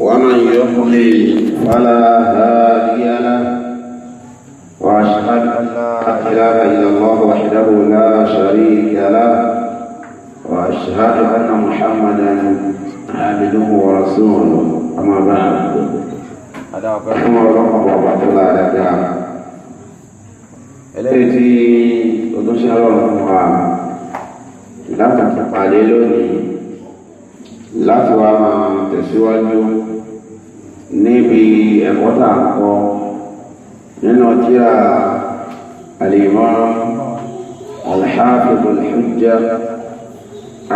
ومن يضلل فلا هادي له واشهد ان لا اله الا الله وحده لا شريك له واشهد ان محمدا عبده ورسوله اما بعد ثم الله وبعد الله لك eléyìí tí odúnṣe ọlọ́run fún wa láti pàdé lónìí láti wá níbi ẹ̀kọ́ tà ń kọ́ nínú tíra al-Imam al-Hafiz al-Hujja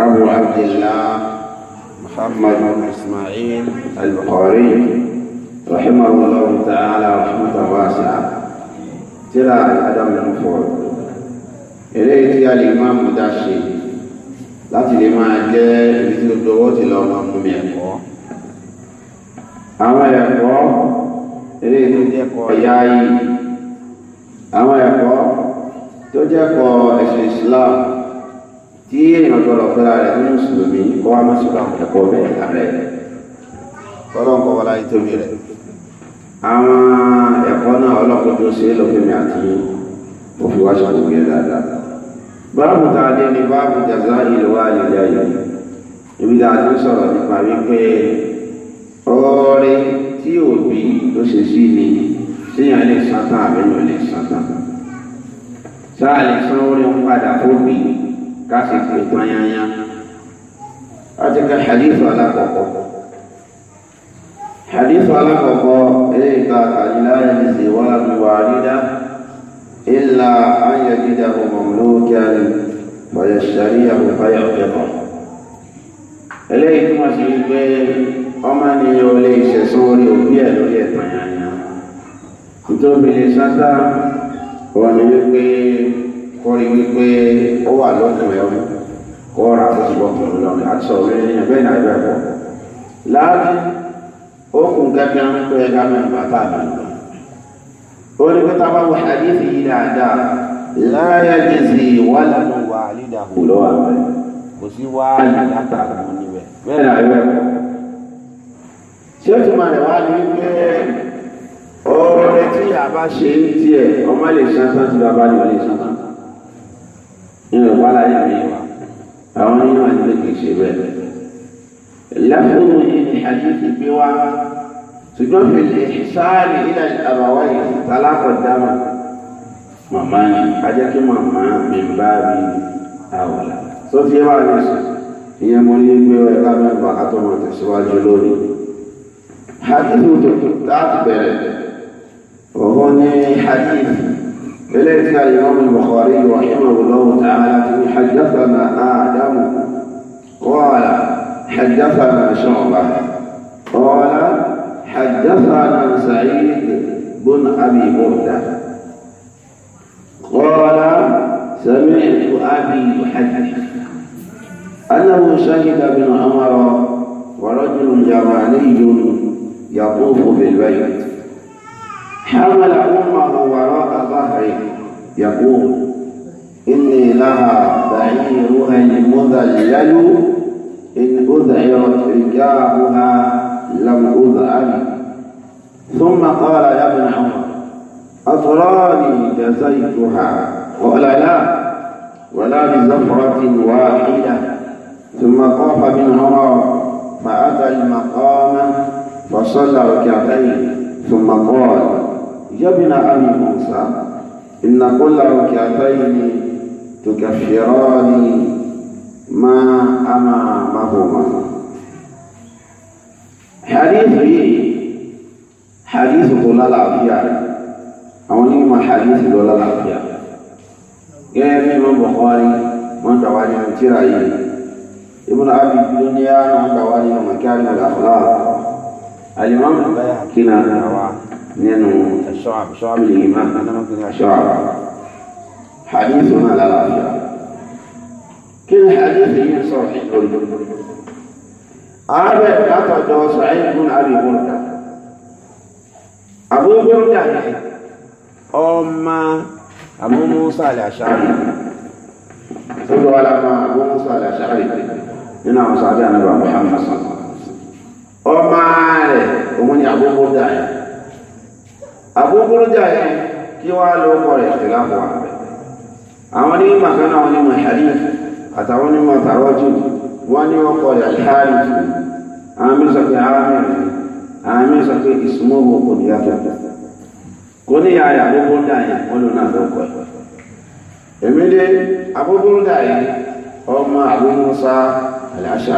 Abu Abdillah Muhammad Ismail al-Bukhari rahimahullah ta'ala rahmatan wasi'a tíra al-Adab al-Mufrad eléyìí tí al-Imam dá ṣe láti lè máa jẹ́ ibi tí ó dọwọ́ ti lọ́ọ́ mú mi àwọn ẹ̀kọ́ eré tó jẹ́ kọ ìyá yìí àwọn ẹ̀kọ́ tó jẹ́ kọ Islam tí èèyàn gbọ́dọ̀ fúnra rẹ̀ ní mùsùlùmí kọ́ wá mọ́sùlùmí àwọn ẹ̀kọ́ bẹ́ẹ̀ lárẹ̀ kọ́lọ́n kọ́ wọlá ìtòmí rẹ̀ àwọn ẹ̀kọ́ náà ọlọ́pàá tó ṣe é lọ́fẹ̀mí àti òfin wáṣọ àtúnyẹ dáadáa báàbù tá a dé jàzá ìlú wa lè yá yìí ibi tá sọ̀rọ̀ nípa wípé ọrẹ tí òbí tó ṣe sí ni síyàn lè san tán àbí yàn lè san tán sáà lè san orí ń padà fóbi ká sì fi pányányá láti ka hadith alákọ̀ọ́kọ́ hadith alákọ̀ọ́kọ́ eléyìí ká àyílá yẹn ti wá lu àrídá ilà ayẹyẹdídà mọ̀mọ́lókè fọyẹ̀sẹ̀ríyà fọyẹ̀ ọ̀kẹ́kọ̀ọ́ eléyìí túmọ̀ sí pé. ọmọ nìyẹn ò lè ṣẹ̀sán orí òbí ẹ̀ lórí ẹ̀pà yàyà nítorí lè sátá wọn ni wípé kọrí wípé ó wà lọ́kùn ẹ̀ ọ̀hún kó ra àkóso bọ́ọ̀kùn lọ́nà àti sọ̀rọ̀ lórí ẹ̀yìn bẹ́ẹ̀ náà bẹ́ẹ̀ pọ̀ láàbí okùn gángan tó yẹ ká mẹ́rin bàtà àbàlùbà ó ní pé tábà wọ hadith yìí dáadáa láyà jẹsẹ wàhálà tí ó túmọ̀ rẹ̀ wá ní pé oore tí àbá ṣe ń tiẹ̀ ọmọ lè san san tí bàbá lè lè san san ní ìwà láyé mi wà àwọn nínú àdúgbò kì í ṣe bẹ́ẹ̀ lẹ́fún yìí ni àdúgbò gbé wá ṣùgbọ́n fi lè sáàlì ilẹ̀ àbáwá yìí alákọ̀dámà màmá yìí ajẹ́ kí màmá mi bá mi àwọ̀là tó fi wà ní sùn ìyẹn mo ní gbé ẹ̀ka mẹ́fà kátó tẹ̀síwájú lónìí. حديث تعت بلد وهنا حديث بلد الإمام البخاري رحمه الله تعالى حدثنا آدم قال حدثنا شعبة قال حدثنا سعيد بن أبي بردة قال سمعت أبي يحدث أنه شهد بن عمر ورجل يماني يطوف بالبيت حمل أمه وراء ظهره يقول إني لها بعيرها المذلل إن أذعرت إجاهها لم أذعر ثم قال يا ابن عمر أتراني جزيتها قال لا ولا بزفرة واحدة ثم طاف ابن عمر فأتى المقام وصلى ركعتين ثم قال يا ابن أبي موسى إن كل ركعتين تكفران ما أمامهما حديثي حديث لا العافية أو نعم حديث لا العافية يا إمام بخاري من دواني من تراي ابن أبي الدنيا من دواني من مكارم الأخلاق الإمام كنا نينو الشعب شعب الإيمان شعب حديثنا لا لا كل حديث صحيح هذا قطع سعيد بن أبي بردة أبو بردة أما أبو موسى الأشعري صلوا على أبو موسى الأشعري هنا وصعدنا محمد صلى الله عليه وسلم Ọ rẹ̀ òun ni àbúkúrújà yìí kí wá ló kọ rẹ̀ sí àwọn ní màkánà wọn ní mọ̀hálì àtàwọn ní mọ̀tàwọ́jù wọn ní wọn kọ jù àwọn mi sọ pé àwọn mi sọ pé kò ní yàtọ̀ kò ní yàrá wọn ló náà ló kọ ẹ̀ èmi dé àbúkúrújà yìí ọmọ àbúmúsá àlàáṣà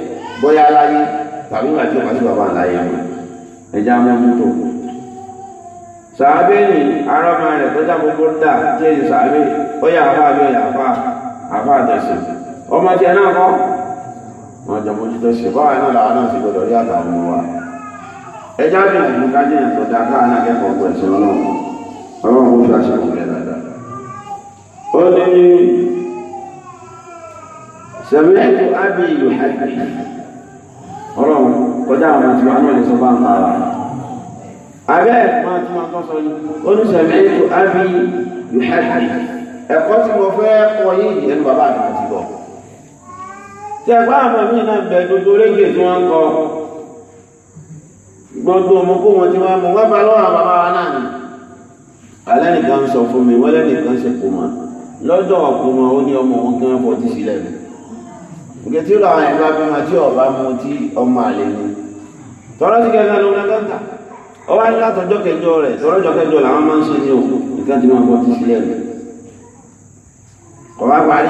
bóyá láyé tàbí wà tí ó pàṣẹ bàbá láyé wọn ẹja mọ́mú tó kù sàábé ni arọ́mọ rẹ̀ tó já gbogbo ń dà tí èyí sàábé ó yà àfa àbí ọ̀yà àfa àfa àtẹ̀sẹ̀ ọmọ tiẹ̀ náà kọ́ wọn jọ mójútó ṣe báwa náà làwọn náà sì gbọdọ̀ rí àtàwọn ọmọ wa ẹja bí ìlú kájí yẹn tó dáa káà náà kẹ́kọ̀ọ́ pẹ̀ sí ọlọ́run ọlọ́run fi àṣà kùn ó ní sẹ̀mẹ́tò ábí ìlú hàbí kọjá àwọn àti wọn náà lè sọ bá ń bá wa. abẹ́ máa tún máa tán sọ yìí oníṣẹ́mi ètò ábí yuhadi ẹ̀kọ́ tí mo fẹ́ kọ yìí ẹnu bàbá mi ti bọ̀. tí ẹ̀kọ́ àwọn mi náà bẹ̀ gbogbo rédíò tí wọ́n ń kọ gbogbo ọmọkú wọn tí wọ́n mú wọ́n bá lọ́wọ́ bàbá wa náà ni. alẹ́ nìkan ń sọ fún mi wọ́n lẹ́nìkan ṣèkó mọ́ lọ́dọ̀ ọ̀kùnrin ó ní ọmọ wọn kí wọ́n fọ́ ti sílẹ̀ mi ìgbẹ́ tí ó làwọn ẹ̀rọ abẹ́mọ tí ọba mú tí ọmọ àlè ní tọ́rọ́ ti kẹta ló rẹ lọ́ta ó wá látọjọ́ kẹjọ rẹ̀ tọ́rọ́jọ́ kẹjọ làwọn máa ń ṣe ní òkú nǹkan tí wọ́n bọ́ ti sílẹ̀ rẹ̀ kọ̀ wá parí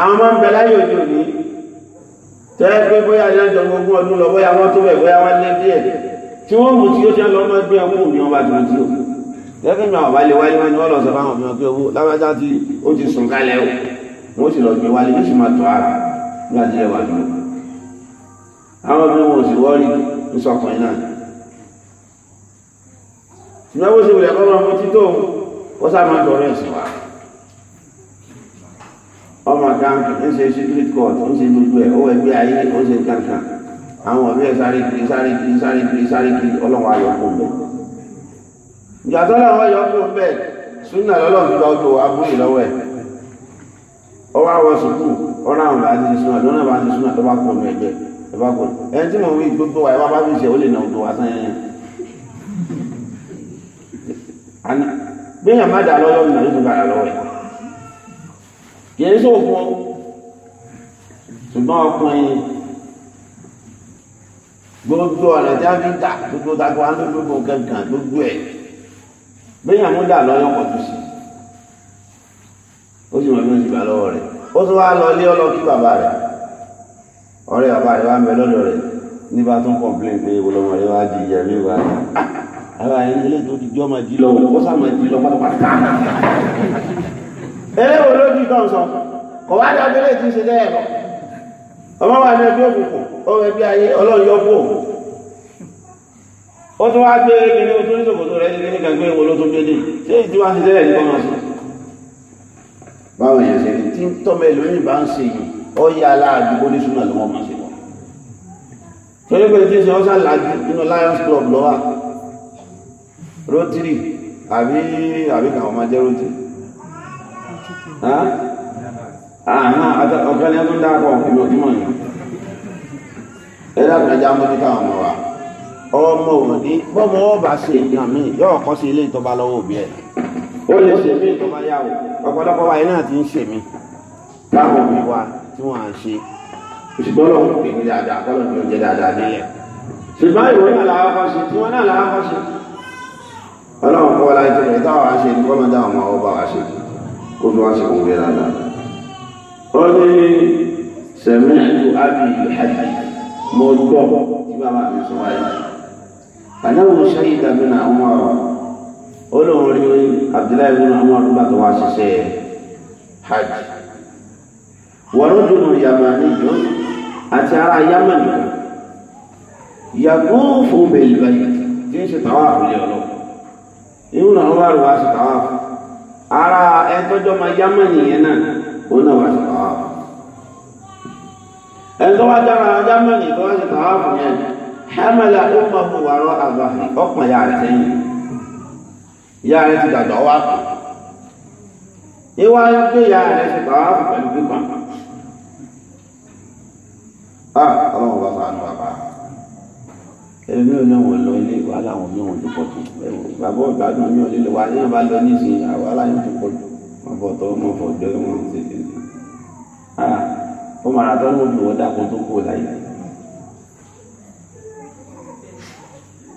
àwọn máa ń bẹ láyé òde òní tẹ́lẹ̀ pé bóyá ìyájọ́ gbogbo ọdún lọ bóyá wọ́n tó bẹ̀ bóyá wọ́n lé díẹ̀ tí wọ́n mú tí ó ti lọ máa gbé ọkùnrin ní ọba tuntun tí ó lẹ́gbẹ̀ẹ́ mi àwọn ọba lè wáyé wọn ni wọ́n lọ sọ fáwọn ọmọ pé owó lábájá tí ó ti sùn kálẹ̀ o wọ́n sì lọ gbé wálé ó sì máa tọ́ ara nígbà tí ẹ wà dùn àwọn obìnrin wọn ò sì wọ́rí ń sọ ọkùnrin náà ìnáwó sí ìwòlẹ̀ kọ́lọ́ mú títò ó sá máa dọ̀rọ̀ ẹ̀sìn wa ọmọ àkáǹkì ń ṣe secret court ń ṣe gbogbo ẹ̀ ó ẹgbẹ́ ayé ó ṣe kankan àwọn ọ̀rẹ́ sáré kiri sáré kiri sáré kiri sáré kiri ọlọ́wọ́ ayọ̀kùn bẹ̀ ìgbà tó lọ́wọ́ ayọ̀kùn bẹ̀ súnà bá gbọ́ tí mo wí gbogbo wa ẹ bá fi ṣe ó lè nà odò wa sàn yẹn má dà lọ́wọ́ nà lọ́wọ́ kì í ṣùgbọ́n ọkùnrin gbogbo ọ̀nà tí a fi ń ta gbogbo tako a ń gbogbo kankan gbogbo ẹ̀ gbéyàn mú dà lọ́yọ̀ pọ̀ tó sí sì mọ̀ bí wọ́n ti gbà lọ́wọ́ rẹ̀ tún wá ọ̀rẹ́ bàbá rẹ̀ wá mẹ́ lọ́dọ̀ rẹ̀ nígbà tó ń kọ̀m̀plín pé ìwòlọ́mọ rẹ̀ wá di ìyẹ̀rí wa ara ẹni ilé tó ti jọ́ máa jí lọ kó sá máa jí lọ pátápátá. eré wo ló di kan sọ kò wá dá abẹ́lé tí ń ṣe dẹ́yẹ̀ lọ. ọmọ wa ní ẹbí òkùnkùn ọmọ ẹbí ayé ọlọ́run yọ kú òun. ó tún wá gbé kíní o tún ní sòkòtò rẹ̀ ní kíní kan gbé wo ló tún gbé dé ṣé ìdí wá ń ṣe dẹ́yẹ̀ ní kọ́ máa sọ. báwo yẹn ṣe tí tọ́mọ ẹlòmíì bá ń ṣe yìí ó yá aláàjú bó ní súnà lọ́wọ́ máa ṣe lọ. torí pé tí ń ṣe ọ́n ṣàlàjú nínú Lions Club lọ́wọ́ Rotary àbí àbí kàwọn máa jẹ́ Rotary. ọ̀gá ni ọdún dáàbọ̀ ìlú ìmọ̀ yìí ẹ dábàá ẹja mọ́tí káwọn ọmọ wa ọmọ òní bọ́mọ ọba ṣe nǹkan mi yóò kọ́ sí ilé ìtọ́ba lọ́wọ́ òbí ẹ̀ ó lè ṣe mí ìtọ́ba yàwó ọ̀pọ̀lọpọ̀ wa iná ti ń ṣe mí báwo ni wa tí wọ́n á ṣe. ṣùgbọ́n lọ́wọ́ kò ní dáadáa kọ́ lọ́wọ́ jẹ́ dáadáa nílẹ̀. ṣùgbọ́n ìwé náà làwọn kan ṣe tí wọ́n náà làwọn kan ṣe. ọlọ́run kọ́ la jẹ́ ẹ̀ táwọn aṣe ní kọ́mọ dáhùn máa ọba wa ṣe kó fi wá ṣe kò ń gbé dáadáa. ó ní sẹ̀mí ìlú ìlú mo gbọ́ tí bàbá mi sọ wáyé. àdáwò ṣáyé dàbí náà wọ́n wà ó lóun rí Abdullahi bin Umar nígbà tó wá ṣiṣẹ́ hajj wàrúdùnú yamani yọ̀n àti ara yamani kan yàgùn fún bẹ̀lìbẹ̀lì tí ń ṣe tàwa àfúlẹ̀ ọ̀lọ́ inú náà wà lù wá ṣe tàwa àfú ara ẹtọ́jọ́ ma yamani yẹn náà ó náà wá ṣe tàwa àfú ẹtọ́ wá dára yamani tó wá ṣe tàwa àfú yẹn hẹ́mẹ́lá ó mọ̀ fún a ah, ọlọ́run bá sànù bàbá ẹlẹ́mi ò náà wọ̀n lọ ilé wàhálà àwọn mi wọ̀n ti pọ̀ jù bàbá ọ̀gbádùn mi ò lè wà ní àbá lọ nísìnyí àwọn aláyọ̀ ti pọ̀ jù wọn fọ̀ tọ́ wọn fọ̀ jọ wọn ti ti ti a ó mara tọ́ ní ojú wọn dàpọ̀ tó kú láyé.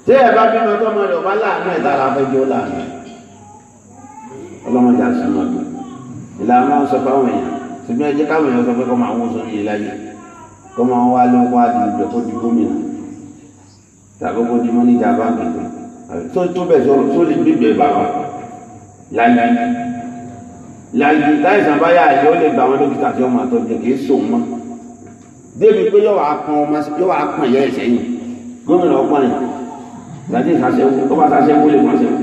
tí ẹ bá bímọ tó ọmọ rẹ ọba láàánú ẹ dára afẹjọ láàánú ọlọmọdé àti ọmọdé ìlànà sọ fáwọn èèyàn ṣùgbọ́n ẹ jẹ́ káwọn èèyàn sọ kó máa ń wá ló ń wá di ìjọ tó di gómìnà tàbí kó di mọ́níjà báńkì kan tó tó bẹ̀ sọ tó lè gbígbẹ̀ bàbá láyé láyé táìsàn báyà àyè ó lè gba àwọn dókítà tí ó máa tọ́jú kì í sòun mọ́ débi pé yóò wá kan ọmọ yóò wá kan ìyá ẹ̀sẹ̀ yìí gómìnà ọgbọ́n yìí láti ìsàṣẹ́wó ó bá sàṣẹ́wó lè wọ́n sẹ́wó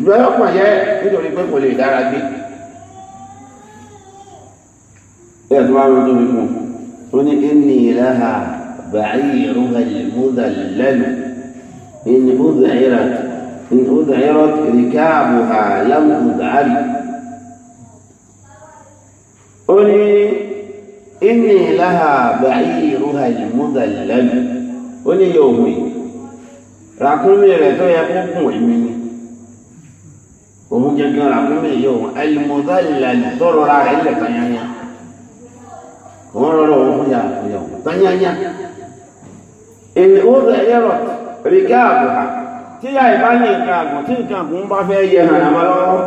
ìgbà yóò kàn yẹ nítorí pé kò lè dára gbé يطمئن بكم إني لها بعيرها المذلل إن أذعرت إن أذعرت ركابها لم أذعر قل إني لها بعيرها المذلل قل يومي ركومي لتو يقوم مني ومجد ركومي يوم المذلل ضرر على إلا wọ́n rọrọ̀ òun fún ya ìyàwó tányányá èyí ó rẹ̀ yẹ́rọ̀ ríkẹ́ àbùhà tí ya ìbá ní nǹkan àgùn tí nǹkan àgùn bá fẹ́ yẹ hàn àmà lọ́wọ́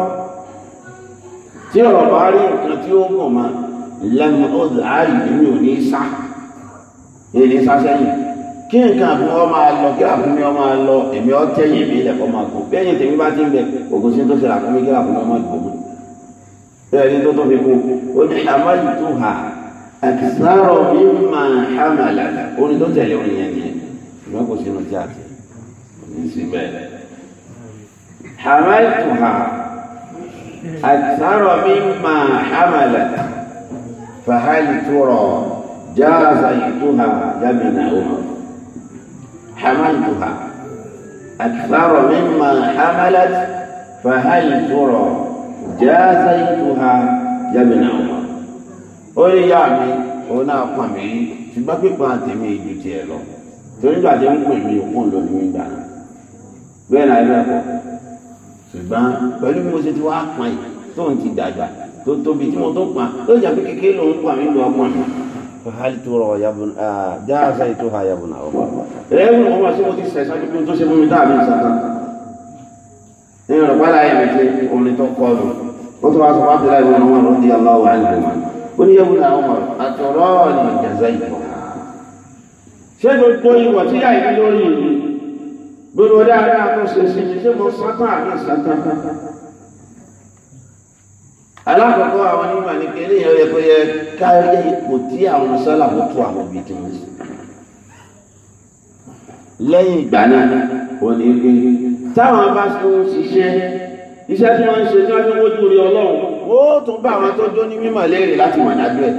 tí ọ̀rọ̀ bá rí nǹkan tí ó kàn máa lẹ́nu ó láàyè èmi ò ní sá èyí ní sá sẹ́yìn kí nǹkan àgùn ọ máa lọ kí àgùn mi ọ máa lọ èmi ọ tẹ́yìn mi lẹ́kọ̀ọ́ máa kó bẹ́yìn tèmi bá ti ń bẹ ògùn sí tó ṣe àkúnmí kí àgùn mi ọmọ ìgbòmù bẹ́ẹ̀ ni tó tó fi kún ó ní àmọ́ ìtúhà àkìsáró mímà hàmàlà orin tó tẹ̀lé orin yẹn yẹn ṣùgbọ́n kò sínú tí a ti ní sí bẹ́ẹ̀. حملتها أكثر مما حملت فهل ترى جازيتها يمن عمر حملتها أكثر مما حملت فهل ترى جازيتها يمن عمر onye ya ìyá mi òun náà pọ̀ mí ṣùgbọ́n pípa àtẹ̀mí ju tiẹ̀ lọ torí ìgbà tí ń pè mí òkun ìgbà náà bẹ́ẹ̀ náà ẹgbẹ́ pọ̀ ṣùgbọ́n pẹ̀lú bí mo ṣe ti wá yìí tóun ti tó tóbi tí tó pé kékeré lòun lọ mi. hali ha na ọba. ẹ ẹ mọ̀ ṣé mo ti sẹ̀ tó ṣe fún mi tá a mi ó ní yẹ́wò náà wọ̀ àtọ̀rọ̀ ni ìjàzá ìbọn. ṣé gbogbo ìwọ̀ tí yá ìlú lórí mi gbogbo dáadáa tó ṣe sí mi ṣé mo sátán àbí sátán. alákọ̀ọ́kọ́ àwọn onímọ̀ ní kéré yẹn yẹ kó yẹ káyọ̀ ipò tí àwọn sálàmù tó àwọn ibi tí wọ́n ṣe. lẹ́yìn ìgbà náà wọ́n ní pé táwọn bá tún ṣiṣẹ́ iṣẹ́ tí wọ́n ń ṣe tí wọ́n ń wójú rí ọlọ́run ó tún bá àwọn tó jó ní mímọ̀ léèrè láti mọ̀ dájú ẹ̀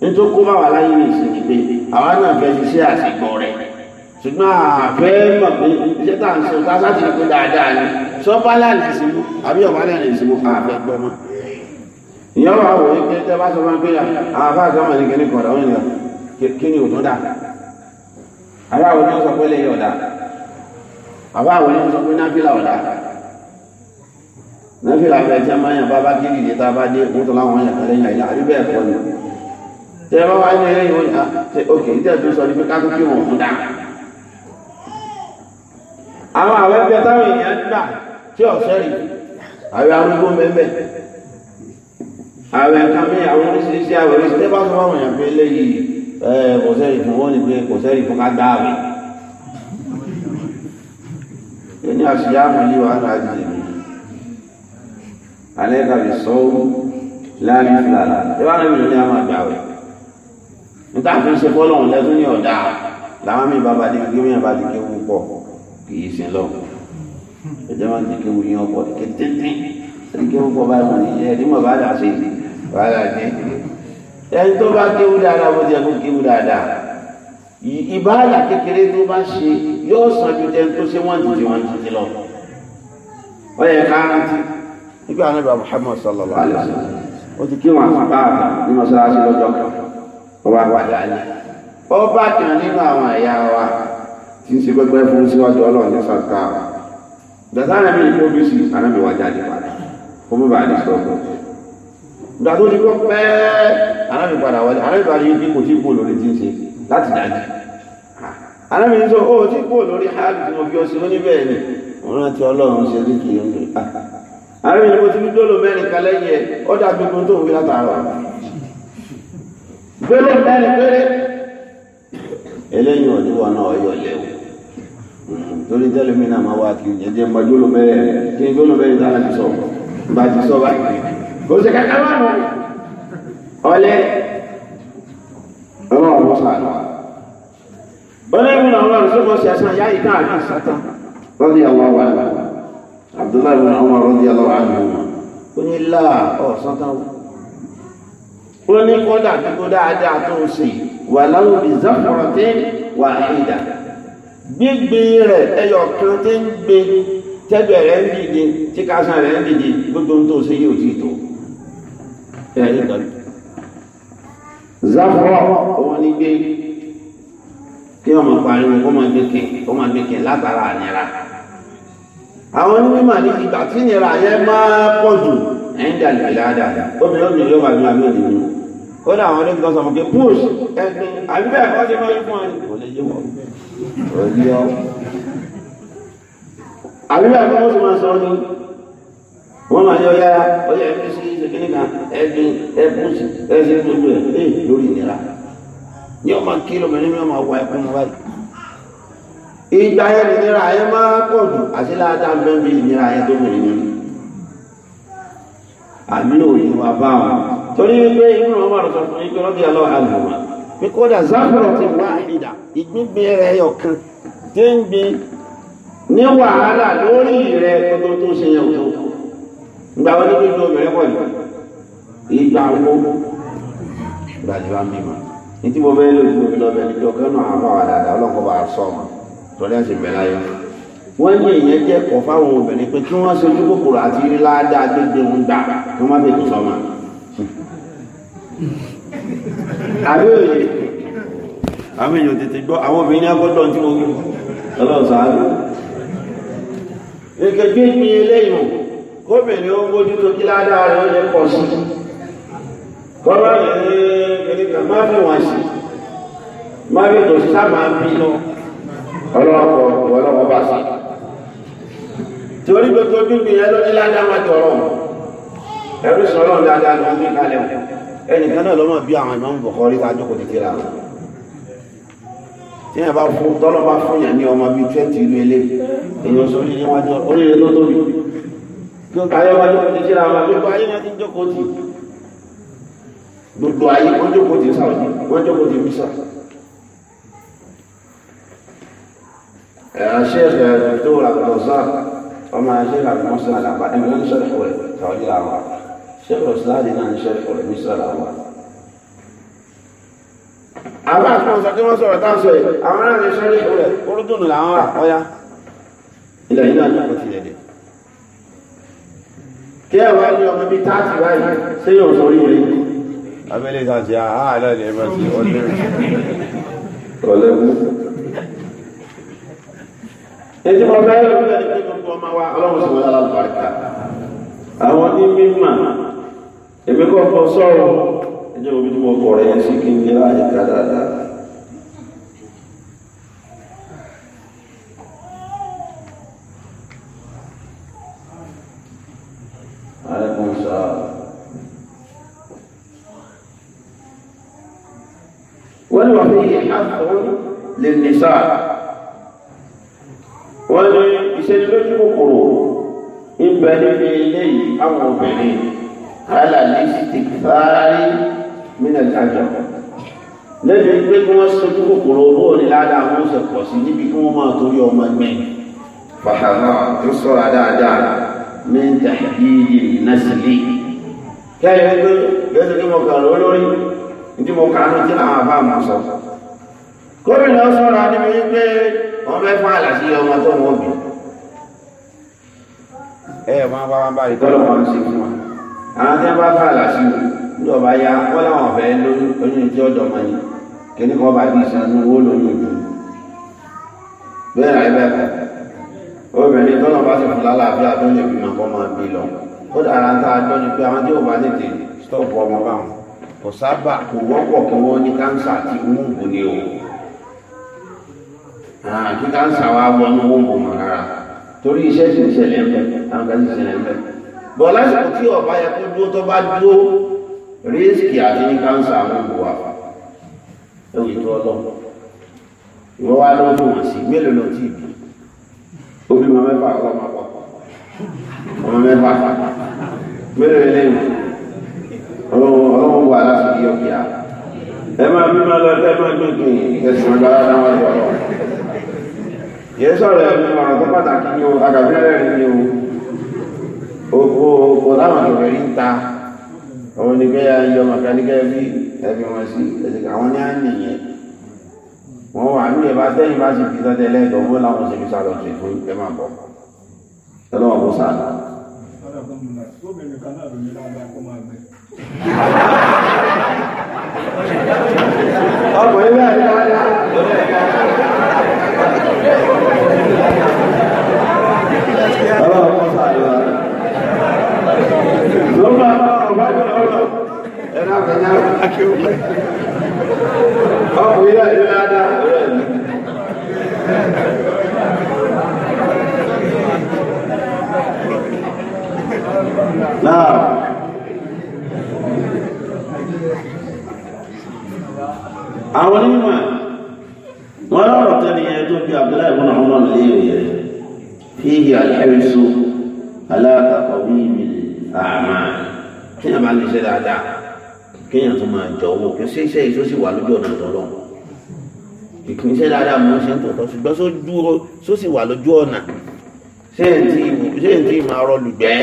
nítorí kó bá wà láyé ní ìsìnkú pé àwa náà fẹ́ ti ṣe àṣìgbọ́ rẹ̀ ṣùgbọ́n àfẹ́ mọ̀ pé iṣẹ́ tá à ń sọ tá a sá ti rí pé dáadáa ni sọ bá láàrin ìsinmi àbí ọ̀bá láàrin ìsinmi àfẹ́ gbọ́ mọ́ ìyẹn wà wò ó pé tẹ́ bá sọ fún pé àbá àgbàmọ̀ ní kíní kọ̀ọ̀dọ̀ òyìnbó kí ni òtún dà àbá àwọn oníṣọ́ pé lè yọ̀ dà àbá àwọn oníṣọ́ pé náfìlà ọ̀dà náfìlà abẹ́ tí a máa yàn bábá kí nìyí tá a bá dé wọ́n tó láwọn yàn kálẹ̀ yàn ìlà àríbẹ̀ ẹ̀kọ́ ni tẹ ẹ bá wá ní ẹyìn òyìn àti òkè ní tẹ̀ tó sọ ní pé ká tó kí wọn fún dá. àwọn àwọn ẹgbẹ́ táwọn èèyàn gbà tí ọ̀sẹ̀ rí àwọn arúgbó mẹ́mẹ́ àwọn ẹ̀ka mi àwọn oríṣiríṣi àwọn oríṣi tẹ́ bá sọ fáwọn èèyàn pé léyìí kò sẹ́rì fún wọn ni pé kò sẹ́rì fún ká gbá àwẹ̀. ẹni àṣìyá àmọ́ wàhálà àjèjì alẹ́ kàbí sọ́wọ́ láàrin fúlàlà ìwà rẹ̀ mìíràn ní a máa gbà wẹ̀ níta fi ń ṣe fọ́lọ́hún lẹ́tún ní ọ̀dà làwọn mi bàbá di kí wọ́n bá di kí wọ́n pọ̀ kì í sin lọ ẹ̀jẹ̀ máa di kí wọ́n yín ọ̀pọ̀ kétété ẹ̀jẹ̀ kí wọ́n pọ̀ báyìí wọ́n yẹ ẹ̀rí mọ̀ bá dà sí i wàá dà jẹ́ ẹni tó bá kéwú dáadáa bó ti ẹ̀kú kéwú dáadáa ìbáàlà kékeré tó bá ṣe yóò sàn ju tẹ́ni tó ṣe wọ́n ti ti wọ́n ti ti lọ. ó yẹ ká rántí nígbà anábì Muhammad sallallahu alaihi wasallam ó ti kí wọn àfàbà àgbà ní mọ́ṣáláṣí lọ́jọ́ kan ọba àwàdà ni ọba kan nínú àwọn ẹ̀yà wa tí ń ṣe gbẹgbẹ fún síwájú ọlọ́run ní sàkà gbàtà anábì ní kó bísí anábì wà jáde padà kó mú gbà tó ti anábì padà wọlé anábì padà tí lórí tí ń ṣe láti dájú anábì ní sọ ó ti lórí tí mo fi ọ sí ni àárín ìlú tí gbólò mẹ́rin kan lẹ́yìn ẹ̀ ó dà gbogbo tó wí látara gbólò mẹ́rin péré eléyìn òdiwọ̀n náà ọyọ̀ lẹ́wọ̀ hmm, torí tẹ́lẹ̀mí náà máa wá kí n jẹjẹ mọ gbólò mẹ́rin kí n gbólò mẹ́rin tààrà ti sọ bá ti sọ báyìí kò sí kankan wà lọ ọlẹ́ ọlọ́run wọ́n sàlọ́ ọlẹ́run àwọn àrùsọ́gbọ́sì àṣà yáyìí káàkiri sátán lọ́dí àwọn àwọn àwọn abdullahi bin umar radiyallahu anhu ó ní láà ọ̀sán tán ó ní kódà gbogbo dáadáa tó ń ṣe wà láwọn òbí záfọ̀rọ̀ tí wà ìdá gbígbé rẹ̀ ẹyọ kan tí ń gbé tẹ́gbẹ̀ rẹ̀ ń dìde tí kásán rẹ̀ ń dìde gbogbo tó ṣe yóò òun ní gbé kí wọ́n máa pariwo kó máa gbé kẹ̀ látara ànira àwọn onímọ̀ ní ìgbà tí ìnira yẹn máa pọ̀ jù ẹ̀ńdà ìlàdà obìnrin obìnrin ló wà ní àmì ọ̀dẹ̀ nínú kódà àwọn olóògùn kan sọ fún pé push ẹgbẹ́ àbí bẹ́ẹ̀ kọ́ ṣe máa ń fún ẹni kò lè yé wọ́n kò lè yọ. àbí bẹ́ẹ̀ kọ́ ṣe máa sọ ni wọ́n máa yọ yára ọyọ ẹgbẹ́ sí ìṣèkínní kan ẹgbẹ́ ẹpush ẹsẹ̀ gbogbo ẹ̀ lórí ìnira ni wọ́n máa kí lómi ní wọ́n máa wá ẹkún ìgbà yẹn nìyẹra ayé máa pọ̀ jù àti dáadáa bẹ́ẹ̀ bí ìnira ayé tó bẹ̀rẹ̀ nínú àmì wa bá wa torí pé inú ọmọ rẹ̀ sọ fún yín pé ọlọ́ àlùmọ́ pé kódà záfúrọ̀ ti wá ìdá ìgbígbin rẹ̀ ọ̀kan tí ń gbin ní wàhálà lórí rẹ̀ tó tó ṣe yẹn ìgbà wọn ní obìnrin pọ̀ jù ìgbà wo ìgbà ní tí mo bẹ́ẹ̀ lọ́bẹ̀ tọ́lẹ́ àti bẹ̀rẹ̀ ayé wọ́n ní èèyàn jẹ́ kọ̀ fáwọn obìnrin pé kí wọ́n ṣojú kòkòrò àti rí ládàá gbégbé ń gbà kí wọ́n má fi tù sọ́mà àbí òye àwọn èèyàn tètè gbọ́ àwọn obìnrin agbọ́dọ̀ tí mo gbé ọlọ́run sàánú èkejì ní eléyìn kóbìnrin ó mójú tó kí ládàá rẹ̀ ó lè pọ̀ sí kọ́rọ́ yẹn ní kìnnìkan má fi wọ́n sí má fi tòṣì sábà ń bí lọ ọlọ́pọ̀ ọlọ́pọ̀ bá sí torí gbogbo dúdú yẹn ló ní ládàá máa tọrọ ẹrú sọ̀rọ̀ ládàá ló ní kalẹ̀ ẹnìkan náà lọ́mọ bí àwọn ìmọ̀ ń bọ̀ kọ́ ríta jókòó ti kíra wọn tí yẹn bá fún tọ́lọ́ bá fún yẹn ní ọmọ bíi twenty ìlú ilé èèyàn sọ ní níwájú oríire tó tóbi kí ó káyọ̀ wájú ti kíra wọn jókòó tì gbogbo ayé wọn jókòó tì sáwọn wọn jókòó tì الشيخ الدكتور عبد الرزاق وما الشيخ عبد المحسن العباد اما لن شرح ولد توجيه العوام الشيخ الاستاذ هنا شرح ولد مش سؤال العوام àwọn àtàwọn sọ tí wọ́n sọ̀rọ̀ táwọn sọ yìí àwọn ará ní sọ́rí ìṣòro orúdùnù làwọn wà ọ̀yá ilẹ̀ yìí náà ní àpótí ilẹ̀ dẹ̀ kí ẹ wá ní ọmọ bíi táàtì báyìí ṣé yóò sọ orí rẹ̀ abẹ́lé ìtàjì àhálà ilẹ̀ ẹ̀mọ́ ti ọdún kọ̀lẹ́kùn ètò ìmọ̀ bẹ́ẹ̀ ló ń bẹ̀rẹ̀ pé gbogbo ọmọ wa ọlọ́run sì wọlé alábàárìkà àwọn ní mímà èmi kò fọ sọ̀rọ̀ ẹjọ́ omi tí mo kọ̀ rẹ̀ yẹn sí kí n lé láyé dáadáa. للنساء wọ́n ní ìṣẹ́nilójú kòkòrò ń bẹ níbi ilé yìí àwọn obìnrin kálá ní ìsìtìkìfáárí mílẹ̀ kájà lẹ́nu pé kí wọ́n ṣojú kòkòrò owó ní ládàá àwọn oṣù pọ̀ sí níbi kí wọ́n máa torí ọmọ ẹgbẹ́ fàhàmà tó sọ̀rọ̀ dáadáa mẹ́ta yíyí násìlì kẹ́lẹ́ pé bẹ́ẹ̀ tó mo kà lórí tí mo kà ní tí àwọn àbá àmọ́ sọ̀rọ̀ gómìnà sọ̀rọ̀ níbi wípé wọ́n fẹ́ fún àlàsí ọmọ tó wọ́n bì ẹ máa bá wọn bá rí tọ́lọ̀ wọn fún wa àwọn tí wọ́n bá fún àlàsí ìjọba ya wọ́n láwọn ọ̀fẹ́ lóyún tí ọjọ́ mọ́ ni kíní bá di ìṣàánú owó lóyún ìlú bẹ́ẹ̀ rẹ̀ bẹ́ẹ̀ obìnrin tọ́lọ̀ bá sì fún lálàáfíà tó lè bímọ kọ́ máa bí lọ ó dára ń ni pé àwọn tí bá tètè stọ́ọ̀pù ọmọ báwọn Ah, kí káńsà wa wọ ní owó mọ̀ rárá torí iṣẹ́ sì ń ṣẹlẹ̀ ń bẹ̀ àwọn kan sì ṣẹlẹ̀ ń bẹ̀ bọ̀ lásìkò tí ọba yẹ kó dúró tó bá dúró rísíkì àti ní káńsà àwọn òbò wa ẹwù ètò ọlọ́run ìwọ wa lọ́wọ́ fún wọn sí mélòó lọ tí ìbí omi ọmọ mẹ́fà kọ́ ọmọ pọ̀ ọmọ mẹ́fà mélòó lẹ́yìn ọlọ́run wà láti yọ kíá ẹ máa bí máa lọ ẹ máa gbẹ̀gbẹ̀ kẹsàn-án náà wà lọ́wọ́ yẹn sọ̀rọ̀ ẹni ọ̀rọ̀ tó pàtàkì ni o agàbílẹ̀ rẹ̀ ni o oko oko láwọn ọ̀rẹ́ yìí ń ta òun ni bẹ́ẹ̀ yọ màkàníkẹ́ bí ẹbí wọn sí ẹ̀sìn àwọn ní à ń nìyẹn wọn wà ní ẹ̀bá tẹ́yìn bá sì fi sọ́tẹ́ lẹ́dọ̀ wọn láwọn ṣe fi sá lọ sí ìfún ẹ máa bọ̀ ẹlọ́wọ́ bó sá lọ. ọkùnrin náà ní wáyà ọlọ́run kọ́ sáà yọ ara. ló máa bá ọba gbọ́dọ̀ ni. fíhì àlẹ́rìsù aláàtàkọ̀wé ìmìlì àmà kí ni a máa ń ṣe dáadáa kí ni a tún máa jọ̀wọ́ kí ṣe iṣẹ́ iṣẹ́ sì wà lójú ọ̀nà tọ́lọ́ ìpínṣẹ́ dáadáa mọ̀ ṣe ń tọ̀tọ̀ ṣùgbọ́n só sì wà lójú ọ̀nà ṣé n tí máa rọ lùgbẹ́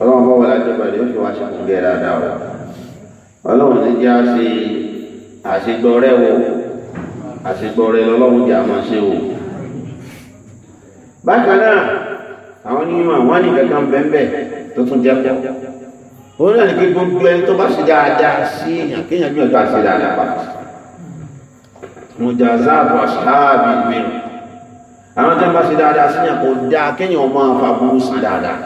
ọlọ́run bọ́ wọlé àjọba ìlú fi wá ṣàkóńgẹ́ dáadáa o ọlọ́run ti jẹ́ àṣegbọ́rẹ́ o àṣegbọ́rẹ́ lọ́lọ́run jẹ́ àmọ́ ṣe o bákan náà àwọn onímọ̀ wọ́n ní kankan bẹ́ẹ̀ tó tún jẹ́ pọ̀ òun náà ní kí gbogbo ẹni tó bá ṣe dáadáa sí èèyàn kéèyàn gbìyànjú àti ṣe dáadáa pa mùjàzáàbù àṣàbí mìíràn àwọn tó ń bá ṣe dáadáa sí èèyàn kò dáa kéèyàn ọmọ àfàbùrú sí dáadáa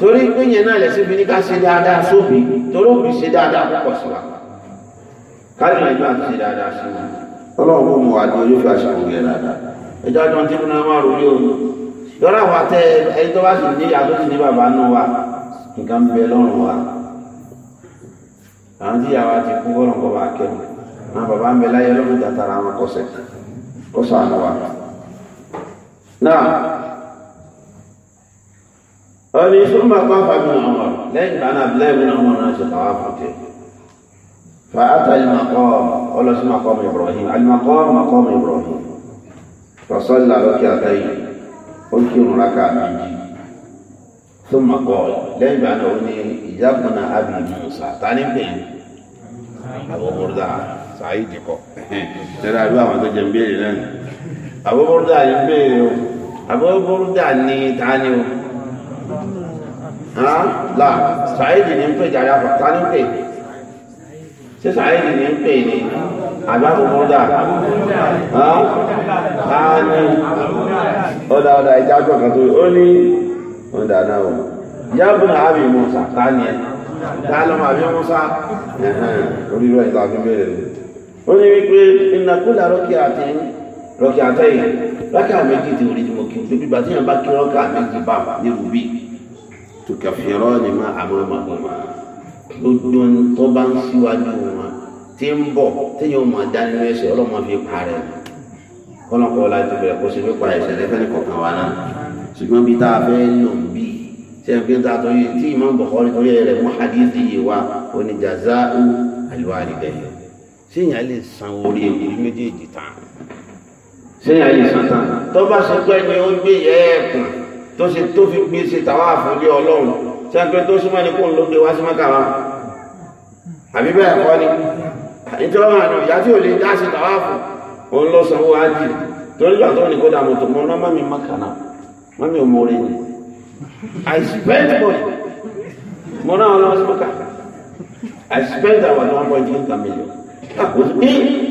torí pé yẹn náà lẹ́sìn bí ní ká ṣe dáadáa sóbì torí òbí ṣe dáadáa púpọ̀ sí wa káàdì náà ìgbà àti ṣe dáadáa sí wa ọlọ́run kò mọ̀ àjọ yóò fi àṣà òun dáadáa ẹjọ́ jọ tí múná máa rú yóò yọ́rọ̀ wà tẹ́ ẹni tó bá sì ní àtúntì ní bàbá nù wa nǹkan bẹ lọ́rùn wa àwọn tí ìyàwó ti kú bọ́lọ̀ kọ́ bá kẹ́ àwọn bàbá ń bẹ láyé lọ́mọdé àtàrà àwọn kọsẹ̀ kọsọ̀ àná wa. náà ọ̀nà ìṣúná bá fàbí ọmọ lẹ́yìn ìgbà náà bílẹ̀ mi náà mọ̀ náà ṣe tàwa fún tẹ̀. فأتى المقام قال اسم مقام إبراهيم المقام مقام إبراهيم فصلى ركعتين أنكر ركع مني ثم قال لين بعد أني يا ابن أبي موسى تعلم بين أبو بردع سعيد يقول ترى أبو عبد جنبيري لن أبو بردع جنبيري أبو بردع أني تعاني ها لا سعيد ينفج على فقطان بيه ṣé sàáyé ni ń pè ní àgbàmùmọ́dà ánì ọ̀dà ọ̀dà ìjájọ́ kan tó ó ní ọ̀dà náà wọ̀ yábùn àbí mọ́sà tání ẹ̀ tálọ́mà àbí mọ́sà orílẹ̀ ìta fi bẹ̀rẹ̀ rẹ̀ ó ní wípé ìnàkúlà rọ́kì àti rọ́kì àtẹ́yìn rọ́kì àmẹ́jì ti orí mọ́kì tó gbígbà tí yàn bá kí rọ́kì àmẹ́jì bá ní rubí tó kẹfì ni má àmọ́ àmọ́ àmọ́ gbogbo tó bá ń síwájú wọn tí ń bọ̀ téèyàn mọ̀ dání ní ẹsẹ̀ ọlọ́mọ fi parẹ́ kọ́lọ́kọ́ la ti bẹ̀rẹ̀ kó ṣe fi pa ẹsẹ̀ lẹ́fẹ̀ẹ́ kọ̀ọ̀kan wa náà ṣùgbọ́n bí tá a fẹ́ lò ń bí ṣe fi ń ta torí tí Imam Bukhari torí rẹ̀ mú hadithi yìí wá oníjàzá ń àlùwalidẹ̀ ṣéyàn lè san orí ewu méjèèjì tán ṣéyàn lè san tán tó bá ṣe pẹ́ ni ó gbé ẹ̀ẹ̀kùn tó ṣe tó fi gbé ṣe tàwa àfọ̀lẹ́ ṣẹ́gbẹ́ tó súnmọ́ ní kó ń lóde wá sí mọ́kàwá àbí bẹ́ẹ̀ kọ́ ni ìjọba àná ìyá tí ò lè dá sí tàwáàfù òun lọ sanwó ájì torí gbà tó ní kó dà mọ́tò mọ́ náà mọ́mí mọ́kànà mọ́mí ò mọ́rẹ́ ni I spent money mọ́ náà lọ sí mọ́kà I spent about one point eight million ah,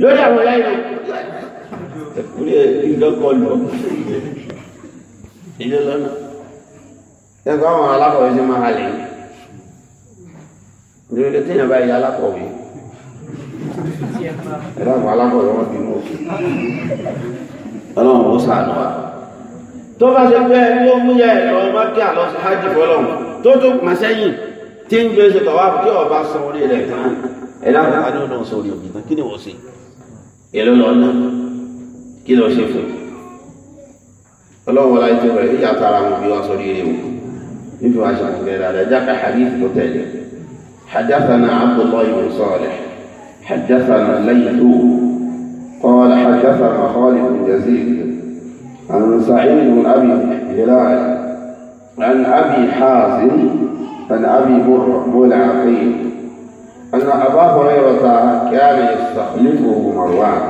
lórí àwọn ẹ̀yà ìlú ìdọ́kọlù ìdílé ẹgbẹ́ àwọn alákọ̀wé ṣe máa halẹ̀ yìí nítorí pé téèyàn bá yẹ alákọ̀wé ẹ̀rọ àwọn alákọ̀wé wọn bínú òkè ọlọ́run ó sàánú wa tó bá ṣe pé ẹni ó mú yẹ ẹ̀rọ ọmọ kí àlọ́ sí hajj fọlọ́run tó tó kùmà sẹ́yìn tí ń gbé ṣe tọ̀wá kí ọba sọ orí rẹ̀ kan ẹ̀rọ àwọn adé náà sọ orí òbí tán kí ni wọ́n ṣe èló lọ ná kí lọ ṣe fún hivyo acha kuongelea rajaka hadithi potelea حدثنا عبد الله بن صالح حدثنا الليث قال حدثنا خالد بن يزيد عن سعيد بن ابي هلال عن ابي حازم عن ابي بن العقيل ان ابا هريره كان يستخلفه مروان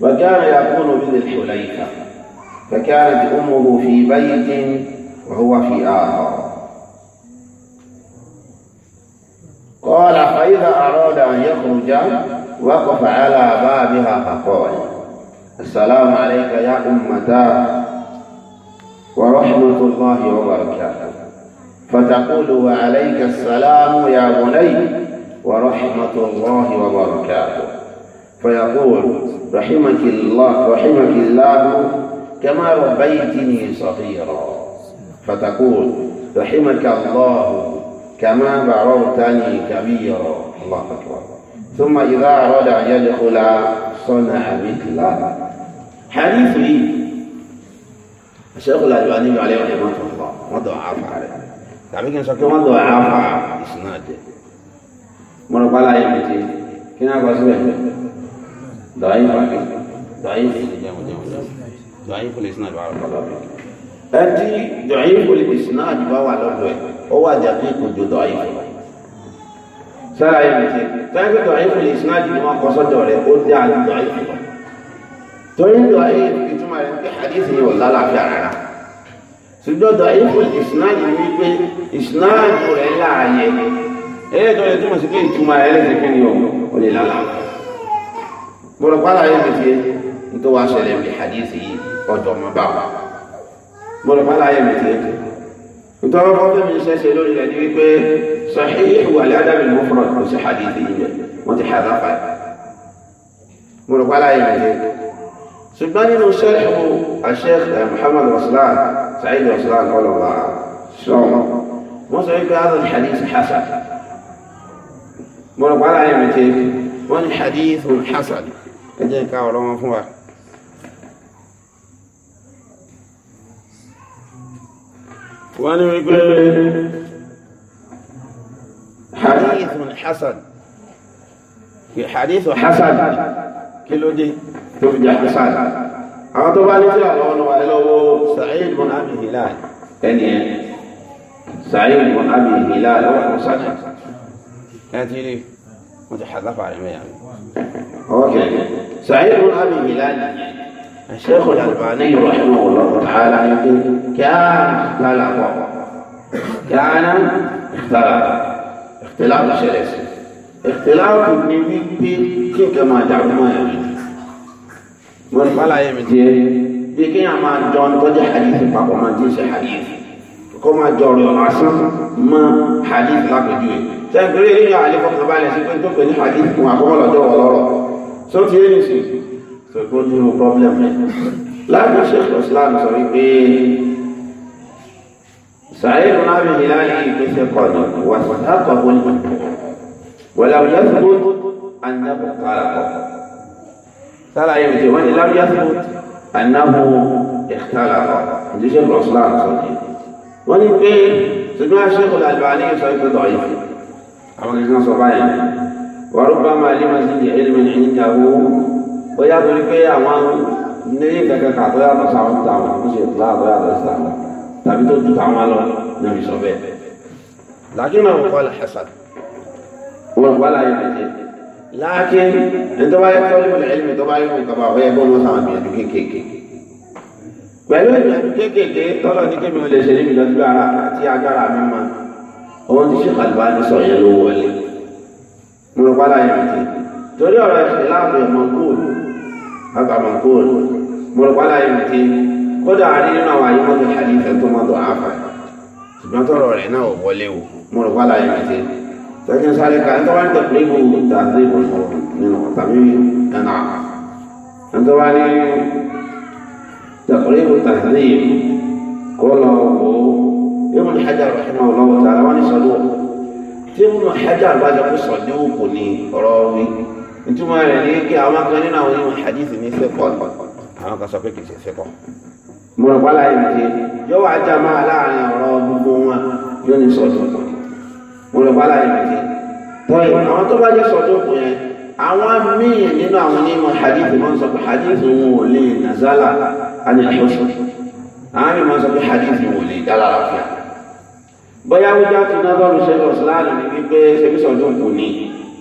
وكان يكون بذي الحليفه فكانت امه في بيت وهو في آخر قال فإذا أراد أن يخرج وقف على بابها فقال السلام عليك يا أمتا ورحمة الله وبركاته فتقول وعليك السلام يا بني ورحمة الله وبركاته فيقول رحمك الله رحمك الله كما ربيتني صغيرا فتقول رحمك الله كما بررتني كبيرا الله أكبر ثم إذا أراد أن يدخل صنع مثله حديث لي الشيخ الألباني عليه رحمة الله وضعف عليه tàbí kí n sọ pé wọ́n lọ àáfà ìsìnàjẹ mọ̀rọ̀pá láyé méjì kí ní àgbà síbẹ̀ dọ̀ayé fàkẹ́ dọ̀ayé fún ìjẹun jẹun jẹun dọ̀ayé fún ìsìnàjẹ wà lọ́pàá lọ́pàá ẹtí dọ̀yìn kòlì ìsìnà àjùbá wà lọ́dọ̀ ẹ̀ ó wà jàpé ìkòjò dọ̀yìn kòlì sára yìí nìyí táyìpé dọ̀yìn kòlì ìsìnà àjùbá wọn kọ́ rẹ̀ ó dá àjù dọ̀yìn kòlì torí dọ̀yìn ìtumọ̀ rẹ̀ pé lálàáfíà rárá ṣùgbọ́n dọ̀yìn pé rẹ̀ láàyè ẹ̀yẹ́ tó yẹ túmọ̀ sí pé ìtumọ̀ mo rò pálá ayé mi ti yẹ nítorí wọn fẹ́ mi ṣẹ̀ṣẹ̀ lórí rẹ̀ ni wípé sahih wal adab al mufrad kò sí hadith yìí bẹ̀ wọ́n ti hàdá pa ẹ̀ mo rò pálá ayé mi ti yẹ ṣùgbọ́n nínú sharh al-shaykh ni hadith hasan ẹ jẹ́ ká fún wa. wọ́n ní wípé hadithun hasan hadithun hasan kí ló dé tó fi jẹ́ hasan àwọn tó bá ní tí àwọn ọ̀nà wà lọ́wọ́ sa'id bin abi hilal ẹni ẹ sa'id bin abi hilal lọ́wọ́ àwọn sájà ẹ ti rí wọ́n ti hadafa rẹ̀ mẹ́yàmí. ok sa'id bin abi hilal yẹn الشيخ الألباني رحمه الله تعالى يقول كان اختلط كان اختلط اختلاط شرس اختلاط نميتي كي كما تعلم يا بني مرحلة يا بني بيكي أما جون تجي حديث بابا ما جيش حديث كما جون يوم ما حديث لا بجوي تنقري لي عليكم تبالي سيكون تبقى حديث ما قول جوري العصر صوتي يا نسيك ṣògbó ní o problem láàbù sheikh islam sọ wípé sàyẹ̀dù náà mi nìyá yìí ìgbésẹ̀ kọ̀ ní wà sàkọ̀ wọlé wọlé wọlé ṣògbó anábù kàlàkọ̀ sára yẹn ti wọ́n ní lábíyá ṣògbó anábù ìkàlàkọ̀ ìdí sheikh islam sọ ní wọ́n ní pé ṣùgbọ́n sheikh al-Albani sọ wípé dọ̀yìn àwọn kìí sọ báyìí وربما لمزيد علم عنده bóyá torí pé àwọn nílé kankan kà tó yàtọ̀ sáwọn tó àwọn kó ṣe fúlá tó yàtọ̀ sí àwọn tàbí tó ju táwọn lọ níbi sọ bẹ́ẹ̀. làákínà wọn kọ́ làṣàṣàdù wọn kọ́ láyé lẹ́jẹ̀ láàkín ẹ̀tọ́ bá yẹ tọ́lébù ẹ̀lẹ́mì tó bá yẹ kó kaba ọ̀yẹ́ kó wọn sáwọn ìyàdù kéékèèké àgbàmọ̀ kúrò mọ̀rọ̀pá láyé mọ̀tí kódà a rí nínú àwọn ayé mọ́tò hadith tó mọ́tò àfà ṣùgbọ́n tọrọ rẹ̀ náà wọlé o mọ̀rọ̀pá láyé mọ̀tí tọ́jú sáré ká ẹ̀ńtọ́ bá ń tẹ̀lé gbogbo tàbí ìbọ̀sọ̀ nínú tàbí ẹ̀nà ẹ̀ńtọ́ bá ní tẹ̀lé gbogbo tàbí kó lọ wò ó Ibn Hajar rahimahullah ta'ala wọ́n ní sọ́dọ̀ tí Ibn Hajar bá jẹ́ kó sọ̀dọ̀ kò ní ọ̀rọ̀ wí ìtumọ̀ rẹ̀ ní kí àwọn kan nínú àwọn onímọ̀ hadith ní sẹ́kọ̀ àwọn kan sọ pé kì í ṣe sẹ́kọ̀ mo rò pálá yìí ti yóò wá já máa láàrin ọ̀rọ̀ gbogbo wọn yóò ní sọ̀tọ̀ mo rò pálá yìí ti tọ́yì àwọn tó bá jẹ́ sọ̀tọ̀ kù yẹn àwọn míì nínú àwọn onímọ̀ hadith máa ń sọ pé hadith wọn ò lè nàzálà àni àṣọṣọ àwọn míì máa ń sọ pé hadith wọn ò lè dá lára fún bóyá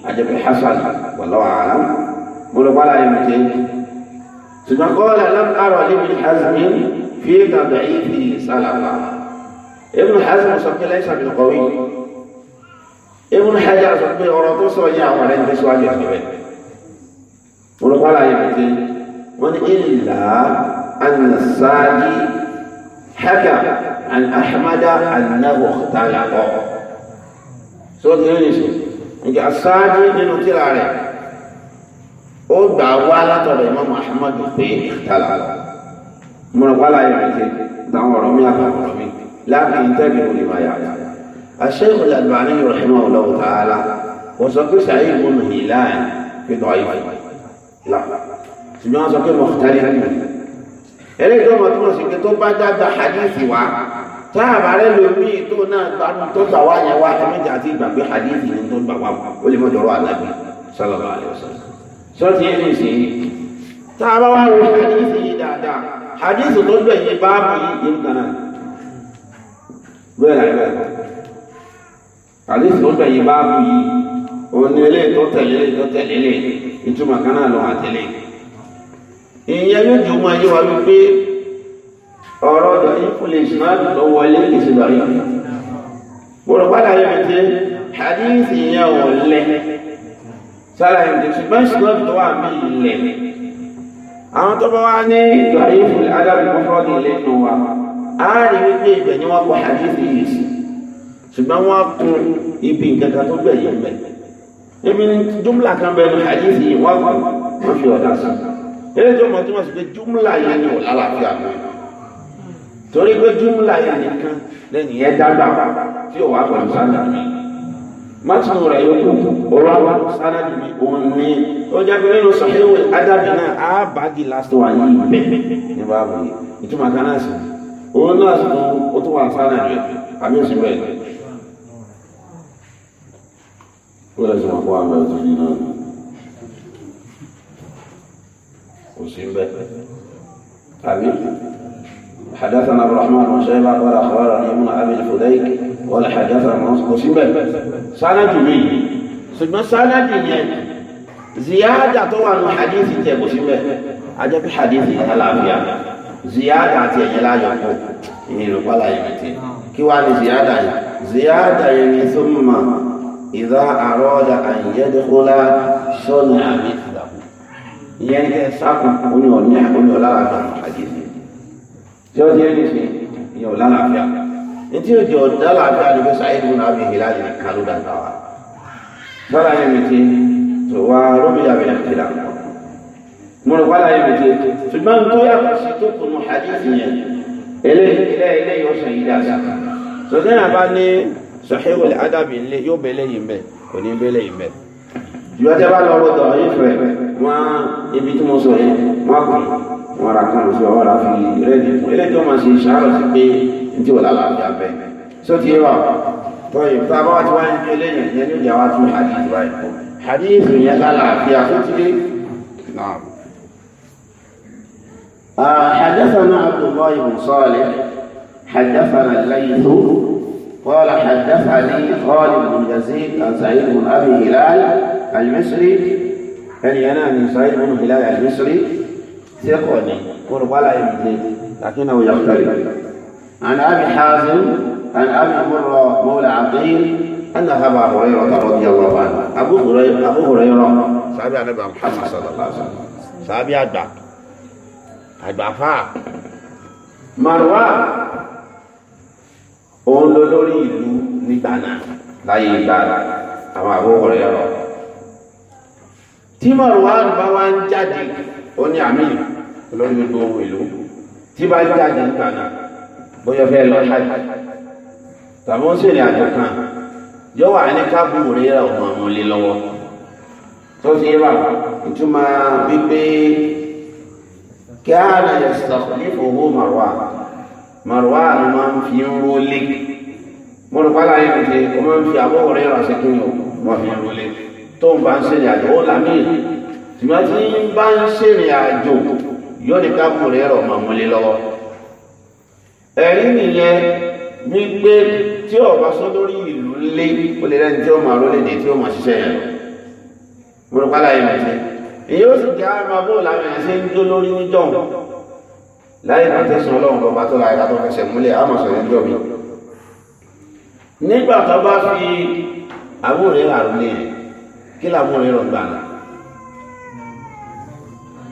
àjẹpẹ hasan wallahu a'lam gbọ́dọ̀ wàlá yẹn tẹ ṣùgbọ́n kọ́lá lam ara níbi hazmi fi tàbí ìfi sálàmà ibùn hazmi sọ pé lẹ́sà bí kọ́wé ibùn hajar sọ pé ọ̀rọ̀ tó sọ yẹ àwọn ẹni tó sọ àjẹ tó bẹ gbọ́dọ̀ wàlá yẹn tẹ wọn ni ilà an ahmada anahu talakọ sọ ti yẹn ní ìjà sáájú nínú tíra rẹ̀ ó gbà wá látọ̀dọ̀ Imam Ahmad pé tààlà mo rọ̀ wá láyé rẹ̀ jẹ́ táwọn ọ̀rọ̀ mi àbàwọ̀ mi láàbí ìtẹ́bi ò lè máa yà yà. الشيخ الألباني رحمه الله تعالى وسوف سعيد بن هلال في ضعيف لا سمعنا سوف مختلف إليه دوما تقول سيكتب بعد حديث واحد táàbà rẹ lomi tó náà gbádùn tó gbà wá yẹn wá ẹmẹjẹ àti ìgbàgbé hadithi ni tó gbà wá ó lè mọjọrọ àlágbé sallallahu alaihi wasallam sọtí ẹni sí táàbà wá wo hadithi yìí dáadáa hadithi tó gbẹ̀yìn báàbù yìí yìí kan náà bẹ́ẹ̀ láì bẹ́ẹ̀ hadithi tó gbẹ̀yìn báàbù yìí òun ni eléyìí tó tẹ̀lé eléyìí tó tẹ̀lé eléyìí ìtumọ̀ kan lọ́wọ́ àtẹ̀lé ìyẹn yóò jù mọ́ ẹyẹ wa wípé ọ̀rọ̀ dọ̀yìn fún lè ṣe máa lọ wọlé lè ṣe dọ̀yìn gbọ́dọ̀ padà yẹ mi jẹ́ hadithi yẹn ò lẹ̀ sára yẹn jẹ́ ṣùgbọ́n ṣùgbọ́n tó wà mí lẹ̀ àwọn tó bá wá ní dọ̀yìn fún adágún mọ́fọ́dì lẹ́nu wa á rí wípé ibẹ̀ ni wọ́n kọ hadithi yìí sí ṣùgbọ́n wọ́n kún ibi nǹkan tó gbẹ̀yìn bẹ̀ ibi torí pé júmùlà yẹn nìkan lẹ́yìn yẹn dábàá tí ò wá pẹ̀lú sálà mátìmù rẹ̀ yókù ọ̀rọ̀ àwọn sálà nìyí òun ní ó jẹ́ nínú sọ́kẹ́wé adábì náà á bàágì lásìkò wà yìí bẹ́ẹ̀ ní báàbò yìí ìtumọ̀ kan náà sì òun náà sì tún ó tún wà rẹ̀ àmì òsì kó bẹ́ẹ̀ tàbí حدثنا الرحمن بن ولا قال أخبرني ابن أبي الفديك قال حدثنا مصيبة سند مين ثم سند مين زيادة طبعا حديث تي مصيبة عجب حديث العافية زيادة تي لا يقول إيه ولا يمتين كي زيادة زيادة يعني ثم إذا أراد أن يدخل صنع مثله يعني كده ساكن وني وني وني ولا لا حديث yóò jẹ́ nìkan ìyẹn ò lálàáfíà etí òjò lálàáfíà ni bẹ́sẹ̀ ayé lóun àbí ìhìlá yìí ká ló dàgbà wa lọ́la yẹn mi ti tó wá rómi àbí nàìjíríà mo rò wálá yẹn mi ti ṣùgbọ́n tó yàtọ̀ sí tó kùnú hadith yẹn eléyìí eléyìí ó sọ yìí dáadáa sọ̀tẹ́ yàrá bá ní sọ̀hẹ́wò ládàbí ńlẹ̀ yóò bẹ lẹ́yìn mbẹ́ kò ní bẹ lẹ́yìn mbẹ́. ìjọba bá lọ́wọ́ dọ̀ yìí fẹ́ wọn ibi tí mo sọ yẹn wọn kù wọn ra kan sí ọwọ́ ra fi rẹ́ẹ̀dì fún eléyìí máa ṣe ìṣàárọ̀ sí pé ní tí wò lálàáfíà bẹ́ẹ̀ só ti yé wa tọ́yìn tá a bá wá ti wá ní eléyìí yẹn ní ìjà wa tún hadith wa ẹ̀kọ́ hadith yẹn lálàáfíà só ti yé. حدثنا عبد الله بن صالح حدثنا الليث قال حدثني خالد بن يزيد عن سعيد بن ابي هلال المصري كان ينام سعيد بن هلال المصري سيقول قرب ولا يمتد لكنه يختلف عن ابي حازم عن ابي مرة مولى عقيل ان ابا هريره رضي الله عنه ابو هريره ابو هريره صحابي النبي محمد صلى الله عليه وسلم صحابي ادع ادع فا مروان òun ló lórí ìlú nígbà náà láyé ìgbà àwọn àbúrò rẹ̀ rọ̀ olórí gbogbo ohun èlò tí bá jáde níta náà bóyá fẹ́ lọ hajj tàbí wọ́n sì rìn àjò kan yóò wà ní káàbù rí ra ọmọ àwọn ilé lọ́wọ́ tó ti yé bàbá ìtumọ̀ wípé kí á nà yẹ sọ̀rọ̀ ní fòwò màrúwà màrúwà ló máa ń fi ń rólé mo rò pálá yẹn ti ó máa ń fi àbọ̀wọ̀ rí ra ṣe kí ni ó máa fi ń rólé tó ń bá ń ṣèrìn àjò ó làmì tìmọ́tì ń bá ń ṣèrìn àjò yóò ní ká kúrò ẹ̀rọ ọmọ múlé lọ́wọ́ ẹ̀rí nìyẹn wípé tí ọba sọ lórí ìlú lé ó lè rẹ́ni tí ó máa rólé dé tí ó máa ṣiṣẹ́ yẹn lọ mo rò pálá yẹn mọ̀tẹ́ èyí ó sì jẹ́ àmà bó làwọn ẹ̀ṣẹ́ ń dó lórí ń dọ̀n láyé náà tẹ̀sán ọlọ́run lọ́ba tó láyé ká fẹsẹ̀ múlẹ̀ á mọ̀ sọ̀rọ̀ mi nígbà tó bá fi àbúrò rẹ̀ rà rólé kí làbúrò rẹ̀ rọ̀ gbà náà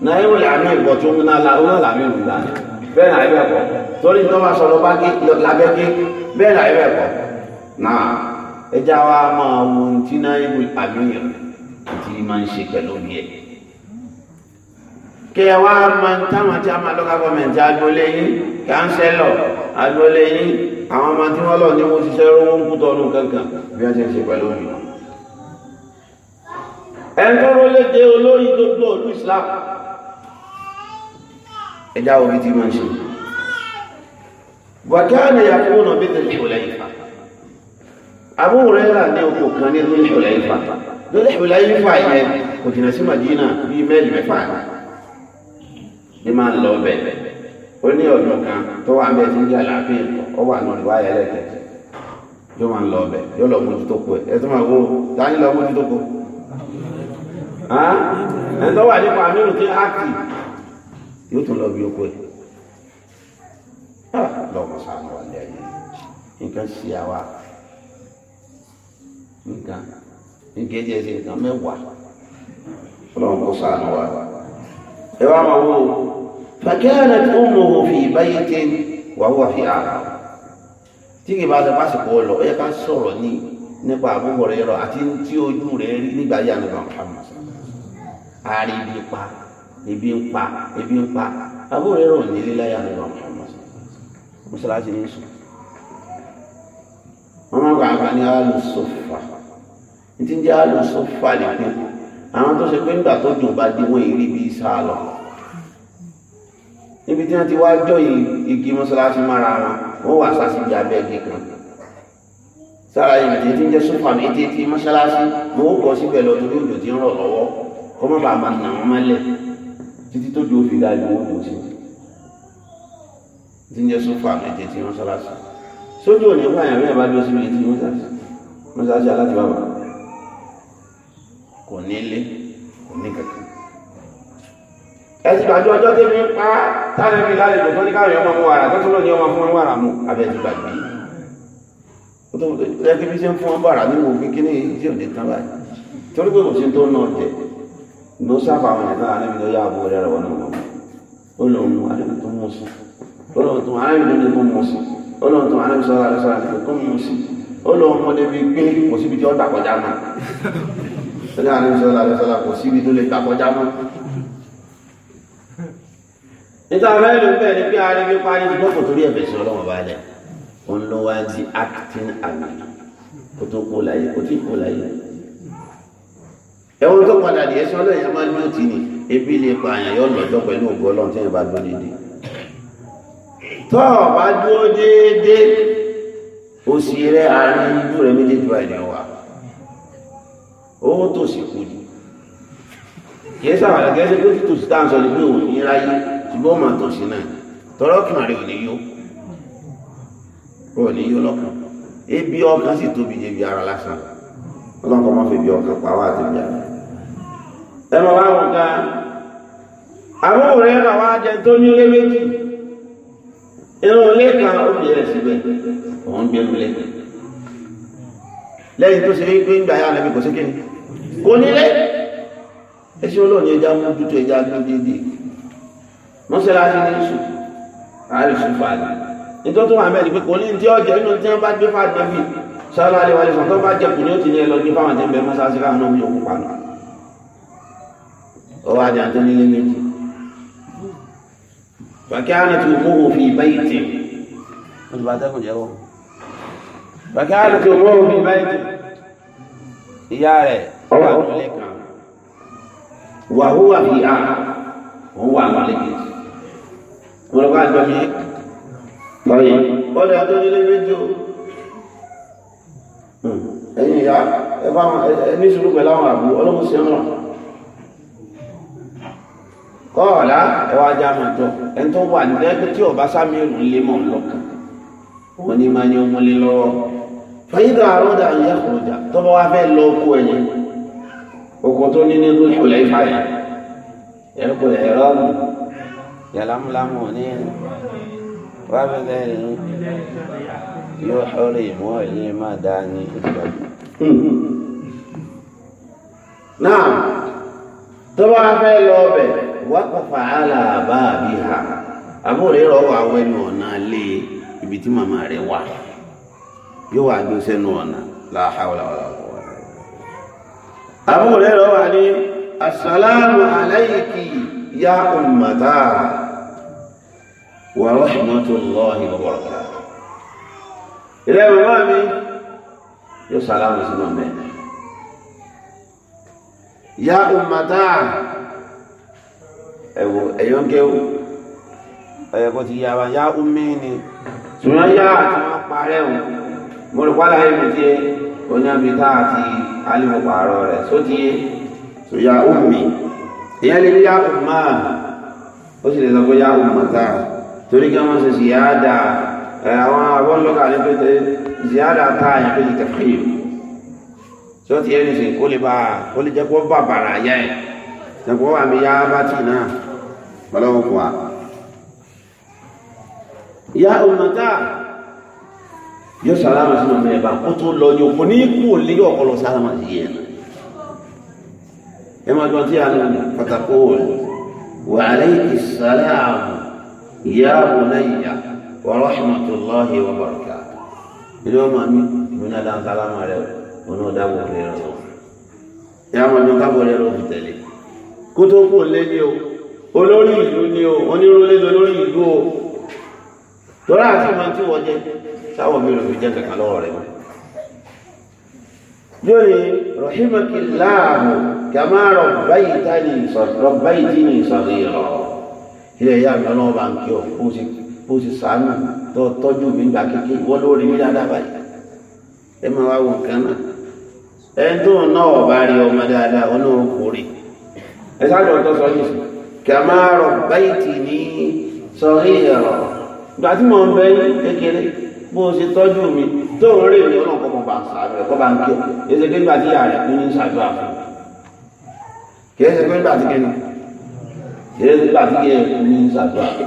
náírà làmì ìbọ̀ tó ń ná làmì ìgbà bẹ́ẹ̀ náà ibẹ̀ kọ́ torí tó bá sọ̀rọ̀ bá gé lábẹ́ gé bẹ́ẹ̀ náà ibẹ̀ kọ́ náà ẹja wa máa wo ti náírà àmì ìrìn àti máa ń ṣe pẹ̀lú bí ẹ̀ kí ẹ wá máa ń táwọn tí a máa lọ́ka gọ́ọ̀mẹ̀ntì agboolé yín káńsẹ́lọ̀ agboolé yín àwọn ọmọ tí wọ́n lọ ní wọ́n ṣiṣẹ́ rówó ń kú tọ́nu kankan bí wọ́n ṣe ń ṣe pẹ̀lú mi. ẹ̀ ń dúró olórí gbogbo ìlú Islam ẹjá orí tí máa ń ṣe wàkíánà yàtọ̀ náà bí tẹ̀lé ìṣòlẹ̀ ìfà àbúrò rẹ̀ rà ní oko kan ní tẹ̀lé ìṣòlẹ̀ ìfà tẹ̀lé ìṣòlẹ̀ ìfà yẹn kò jìnà sí Madina bí mẹ́lì mẹ́fà ní máa ń lọ bẹ̀ ó ní ọ̀dọ̀ kan tó wà mẹ́ẹ̀ tí ń jẹ́ àlàáfíà ó wà náà rí wáyà lẹ́kẹ̀ yóò máa ń lọ bẹ̀ yóò lọ mójú tó kú ẹ̀ ẹ̀ tó máa wó dání lọ mójú tó kú ẹ̀ tó wà nípa amírù tí á kì yóò tún lọ bí oko ẹ̀ ah! lọ́wọ́ sànù wà lẹ́yìn nǹkan ṣe àwa nǹkan nǹkan ẹ̀jẹ̀ ṣe nǹkan mẹ́wàá lọ́wọ́ sànù wà. ẹ wá máa wó فكانت أمه في بيت وهو في عرب tí kì bá sọ pásìkò ọlọ ẹ ká sọ̀rọ̀ ní nípa àbúrò rẹ rọ àti tí ojú rẹ rí nígbà yà nípa Muhammad àríbi pa ebi ń pa ebi ń pa àbúrò rẹ̀ rò nílé láyà nínú ọ̀pọ̀ mọ́sálásí ní sùn wọ́n máa gbà àgbà ní alùsọ̀fà tí ń jẹ́ alùsọ̀fà nìkan àwọn tó ṣe pé nígbà tó dùn bá dé wọ́n ìrí bí sá lọ níbi tí wọ́n ti wá jọ igi mọ́sálásí mára wọn wọ́n wà sá sí ibi abẹ́ igi kan sára yìí àti tí ń jẹ́ sọ́fà méjì tí mọ́sálásí wọn ó kọ́ síbẹ̀ lọ torí òjò tí ń rọ̀ lọ́wọ́ kó má bàa máa nà wọ́n mọ́lẹ̀ títí tó ju òfin dájú wọn kò sí tí ń jẹ sófò àmẹjẹ tí wọn sọlá sí sójú òní fún àyàmí ẹ bá dúró síbi tí wọn sàṣà wọn sàṣà aláti bàbà kò ní ilé kò ní kankan ẹ ti gbàgbé ọjọ́ débi ń pa táwọn ẹbí lálejò tó ní káwọn ọmọ mu wàrà tó tó lọ ní ọmọ fún wọn wàrà mu abẹ ti gbàgbé ẹgbẹ́ bí ṣe ń fún wọn bàrà nínú òfin kíní ìṣe òde tán báyìí torí pé kò sí tó náà jẹ ló sábà àwọn ẹ̀dá ànábì lọ́yà àbò rẹ̀ rẹ̀ wọ́n náà ó lọ mú ànábì tó mú sí ó lọ tún ànábì tó mú sí ó lọ tún ànábì sọ́ra rẹ̀ sọ́ra rẹ̀ tó mú sí ó lọ mú débi pé kò síbi tí ó dà kọjá mọ́ ó lọ ànábì sọ́ra rẹ̀ sọ́ra kò síbi tó lè dà kọjá mọ́. níta bẹ́ẹ̀ ló bẹ́ẹ̀ ni pé arábí parí ṣùgbọ́n kò torí ẹ̀bẹ̀ sí ọlọ́run bá lẹ̀ òun ló wá di acting àmì kò tó kó láyé kò tí kó láyé ẹ̀wọ̀n tó padà dì ẹ̀sùn ọlọ́yìn máa ní òtí ni ebi lè pa àyàn yọ lọ́jọ́ pẹ̀lú ògbó ọlọ́run tí yẹn bá dúró dédé tọ́ ọ bá dúró dédé òsì rẹ àárín ijú rẹ méjèèjì bá ìdí wa owó tó sì kú jù kìí sábà lọ́gẹ́ ẹsẹ̀ tó ti tòsí tá à ń sọ ní pé òun ní ráyé ṣùgbọ́n màá tòsí náà tọ́rọ́ kàn rí òní yó òní yó lọ́kàn ebi ọkàn sì tóbi jẹbi ara lásán ọlọ́kọ̀ máa fi bí ọkàn pa wá àti bí ara tẹ́lọ wá wọ́n ga àbúrẹ́ àwọn ajẹ́ tó ní ilé méjì inú ilé kan ó fi rẹ̀ síbẹ̀ òun gbé lulẹ̀ lẹ́yìn tó ṣe wípé ń gbà yá lẹ́bí kò sí kíni kò nílé ẹṣin olóòní ẹja mójútó ẹja gbódédé mọ́sálásí ní sùn àìsùn fàlà nítorí tó wà mẹ́rin pé kò ní tí ọjà inú tí wọ́n bá gbé fàdé fi sọ́lá àlewálé sọ́tọ́ bá jẹ kùnú ó ti ní ẹ lọ ní fáwọn tẹ́ńbẹ́ mọ́sálásí káwọn náà mi ò ọwọ́ ajá tó nílé méjì bàkíánà tó mú òfin báyìí tì wọ́n ti bá tẹ́kùn jẹ́wọ́ bàkíánà tó mú òfin báyìí tì ìyá rẹ̀ ọwọ́ àtúnlé kan wàhúwà fi hà wọ́n wà lọ́lẹ̀ kejì wọ́n lọ́kọ́ àjọ mi báyìí ọ̀dọ̀ nílé méjì o hmm. ẹ̀yin ìyá ẹ bá ní sùúrù pẹ̀lú àwọn àbú ọlọ́mọ sí ọ̀nà kọ́ọ̀lá ẹwà ajá máa jọ ẹni tó wà ní ẹgbẹ́ tí ọba sámi ìlú ń lé mọ̀ ń lọ́kàn wọ́n ní máa ní ọmọ lé lọ́wọ́ fẹ́yìndà àrọ́dà ń yẹ kọjá tó bá wá fẹ́ lọ oko ẹ̀yẹ oko tó ní nínú ìpìlẹ̀ ìfà yẹn ẹ̀rọ lọ bẹ̀rẹ̀ wákàfà aláàbá àbí ha àbúrò rẹ̀ wà wẹnu ọ̀nà lé ibi tí màmá rẹ̀ wà yóò wà gbé sẹ́nu ọ̀nà láhàwọ̀láwọ̀lá àbúrò rẹ̀ wà ní asàlámù aláìkì yá ummata wà rahmatullahi wa barakatuh ilẹ̀ bàbá mi yóò sàlámù sínú mẹ́rin yá ummata ẹ̀wò ẹ̀yọ́gẹ́wò ẹ̀yẹ̀kọ́ ti yà yá ni yá àti wọ́n parẹ́ o mo rí pálá ẹ̀mí tiẹ̀ àti alímọ̀ pààrọ̀ rẹ̀ sódìé tó ìyá lè yá ó sì lè sọ pé yá ọmọ torí kí wọ́n ṣe ṣìyáàdà àwọn ní pété ti ọlọ́run fún wa ìyá ọmọdá yóò sàlámà sínú ọmọ ẹ̀bà kó tó lọ yóò kò ní kú ò lé ọpọlọ sàlámà sí yẹn ẹ máa jọ tí a lè pàtàkó wà alayki salaam ìyá bunayya wa rahmatullahi wa barakatuh ilé ọmọ mi ìbúná dá kó tó kú lé ní o olórí ìlú ni o onírúurú lórí ìlú o lọ́rọ̀ àti ìmọ̀ tí wọ́n jẹ́ sáwọn mi rò fi jẹ́ kankan lọ́wọ́ rẹ̀ mọ́ lórí rahimakiláàmù kàmá rọ̀báyìí ní ìsọ̀rí rọ̀ ilé ìyá mi ọlọ́wọ́ bá ń kí ọ bó ti sàánù tó tọ́jú mi gbà kékeré wọ́n lórí mi dáadáa báyìí ẹ máa náà ẹni rí ọmọ dáadáa ọ náà kórè ẹ sáájú ọtọ́ sí kàmá rabbaytini ní saghira ìgbà tí mo ń bẹ kékeré bó o ṣe tọ́jú mi tó ń rí ìrìn ọ̀nà kọ́kọ́ bá ń sàbẹ̀ kọ́ bá ń kí ọ èsì pé nígbà tí ìyá rẹ̀ kún ní ṣàjọ àfọ kì í ṣe pé nígbà tí kẹ́ni kì í ṣe nígbà tí kẹ́ni kún ní ṣàjọ àfọ.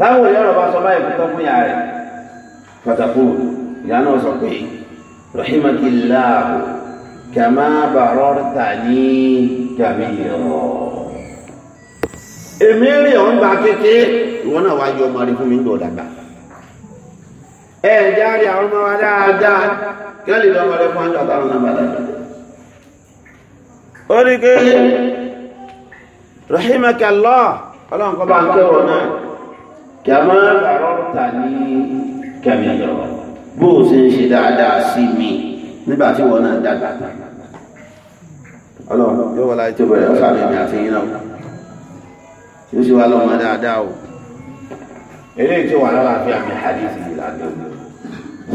táwọn kàmá bàrọ́ta ní kàbíyọ̀. èmi rí ọ̀n gba kékeré ìwọ náà wá yọ ọmọ rẹ fún mi ń dọ̀dàgbà. ẹ jáde àwọn ọmọ wa dáadáa kí wọ́n lè lọ́mọ rẹ fún àjọ àtàwọn náà bàdàgbà. ó rí pé rahimakallah ọlọ́run kọ́ bá ń kẹ́wọ̀ náà kàmá bàrọ́ta ní kàbíyọ̀ bó o ṣe ń ṣe mi nígbà tí wọn náà dàgbà ọlọ́run yóò wọlá ètò ìbẹ̀rẹ̀ ọ̀sán mi àti yín náà tí ó sì wá lọ́mọ dáadáa o eléyìí tí wà lára fi àmì àdìsí ìlànà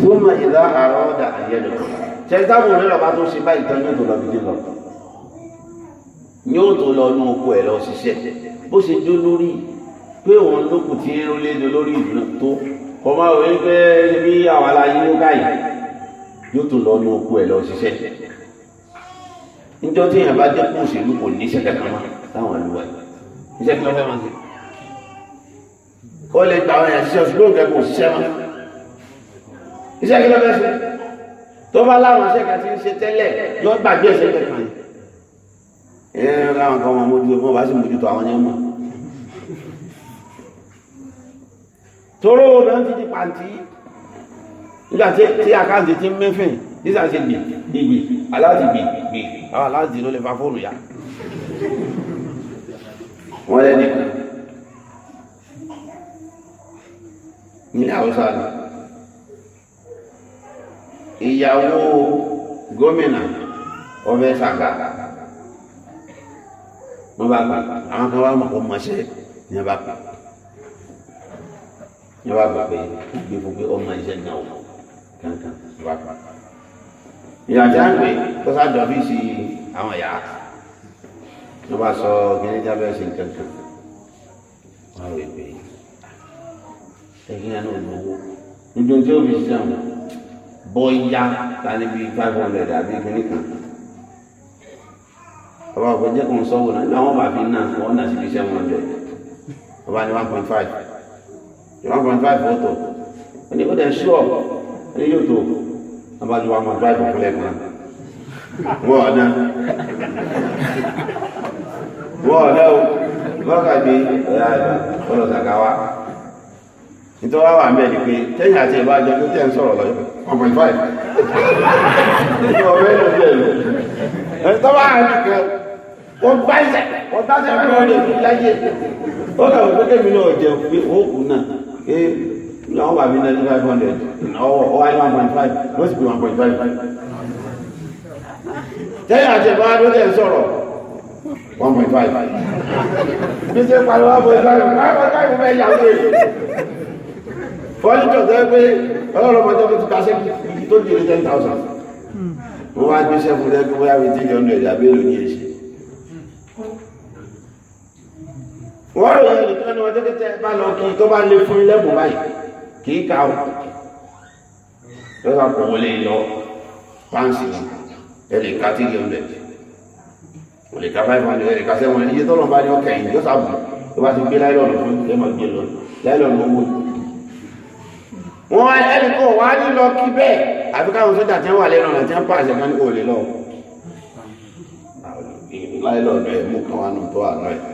súnmọ́ ìdá àárọ̀ ọ̀dà àyẹ̀lẹ̀ tẹ́tàbù rírọ̀ bá tó ṣe báyìí tán yóò tó lọ bìdí lọ yóò tó lọ nú oko ẹ̀ lọ ṣiṣẹ́ bó ṣe jó lórí pé òun lókùn tí ń rólé lórí ìdùnnà tó kọ́ máa wọlé pé níbi àwọn aláyé ló káyìí yóò tún lọ ní oko ẹ̀ lọ ṣiṣẹ́ níjọ́ tí èèyàn bá dẹ́kun òṣèlú kò ní iṣẹ́ kankan mọ́ táwọn ìlú wa iṣẹ́ kí wọ́n fẹ́ máa ṣe ó lè gba àwọn èèyàn ṣiṣẹ́ oṣù lóògbé kò ṣiṣẹ́ mọ́ iṣẹ́ kí ló fẹ́ ṣe tó bá láwọn iṣẹ́ kan ti ń ṣe tẹ́lẹ̀ yóò gbàgbé ẹ̀ṣẹ̀ kankan yìí ẹ̀ẹ́n láwọn kan wọn mójútó fún ọba sì mójútó àwọn yẹn mọ́ toró obìnrin ti di pàǹtí nígbà tí àkáǹtì ti ń mẹ́fìn nígbà tí gbì gbì aláàtì gbì gbì àwọn aláàtì ló lè fa fóònù yá wọ́n lẹ́ ní nílẹ̀ haúsá ni ìyàwó gómìnà ọbẹ̀ sàkà wọ́n bá gbà àwọn kan wá mọ̀ kó mọ̀ṣẹ́ ní ọba gbà ní ọba gbà pé gbogbo ọmọ iṣẹ́ náà wọ̀ kankan ìwà kan ìrìnàjò àgbẹ̀ tó sáàjọ bí sí àwọn ìyá ló bá sọ kíní jábẹ́ sí nǹkan kan wọ́n rò pé ah, ẹgbẹ́ náà lówó nítorí tí ó fi sí àwọn bọ́yá tani bíi five hundred àbí kíní kan ọba ọ̀pọ̀ jẹ́ kó ń sọ́wọ́ náà nígbà wọn bá fi náà wọn náà sì fi seven hundred ọba ní one point five one point five ọ̀tọ̀ ó ní ó dẹ̀ ṣú ẹni yóò tó abájú wa máa báyìí fún lẹ́ẹ̀kan wọ́n ọ̀nà wọ́n ọ̀nà o lọ́kàbí ọ̀yà ẹ̀dà ọlọ́sàkà wa nítorí wá wà mẹ́rin pé tẹ́yìn 1.5 ọ̀rẹ́ ló jẹ́ ìlú ẹni tó bá wà ní kan ó gbá iṣẹ́ ó dáṣẹ́ làwọn bàbí náà ní five hundred ọwọ́ ọwọ́ ayé one point five wọ́n sì pé one point five. tẹ́yìn àti ẹ̀fọ́ adó tẹ̀ ń sọ̀rọ̀ one point five. bí ṣe pariwo one point five one point five fẹ́ yà wé. fọ́lítọ̀ tẹ́ pé ọlọ́run ọmọdé tó ti kásẹ̀ tó di ten thousand. wọ́n wá gbé sẹ́fún lẹ́gbẹ́ bóyá wí tíjọ́ nù ẹ̀dá bẹ́ẹ̀ ló ní èsì. wọ́n rò yẹn lùtọ́ ni wọ́n tẹ́tẹ́ bá lọ kí tó bá lè fún ilẹ̀kùn báyìí kìí ká o tó bá kò wọlé lọ fáǹsì wọn ẹ lè ka tìrì ọ̀nà ò lè ka five tọ́lọ̀ bá ní ọkẹ́ yìí yóò sábà tó bá ti gbé láìlọ́ọ̀nù fún ẹ gbé lọ láìlọ́ọ̀nù owó wọn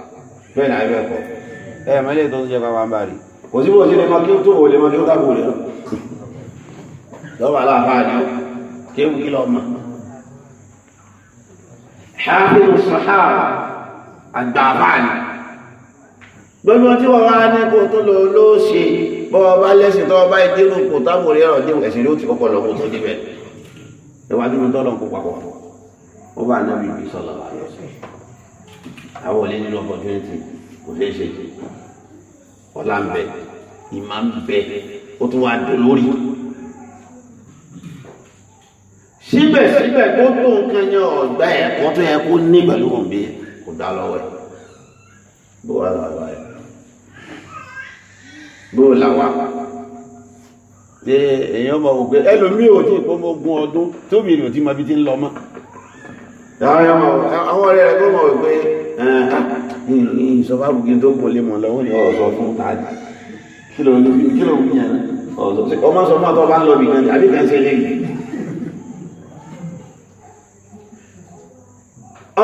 bẹ́ẹ̀ na àìbẹ̀ kọ́ ẹ mẹ́lẹ̀ tó ń jẹ bàbá ń bá rí kò sí bó ṣe lè mọ kí ó tó wò lè kí ó lọ́wọ́ ni kí ó kí lọ mọ̀ ni gbogbo tí ọba lẹ́sìn tó ọba ìdírù kò tábò dé ẹ̀sìn ló ti kọ́kọ́ lọ kó tó débẹ̀ ẹwà dúró kó papọ̀ àwọn olè nínú opportunity kò ṣeé ṣe ọlá ń bẹ ìmá ń bẹ ó tún wá dùn lórí. síbẹ̀síbẹ̀ tó tó nǹkan yẹn ọ̀gbá ẹ̀kọ́ tó yẹ kó ní pẹ̀lú òǹbí kò dá lọ́wọ́ ẹ̀ bó wà lọ́wọ́ ẹ̀ bó làwà ṣe èèyàn mọ̀ wò pé ẹlòmíì ò tí ì pọ́n mọ́ ogún ọdún tóbi rè ò tí ma fi ti ń lọ mọ́ àwọn ọ̀rẹ́ rẹ̀ tó mọ̀ wípé ìṣọ́fà bùkín tó kò lè mọ̀ lọ́wọ́ ni ọ̀sọ̀ fún tààdì kí ló ń kí ló ń yẹn ọ̀sọ̀ sí ọmọ sọ fún àtọ́ bá ń lọ bìkan àbí kan ṣe lè yìí.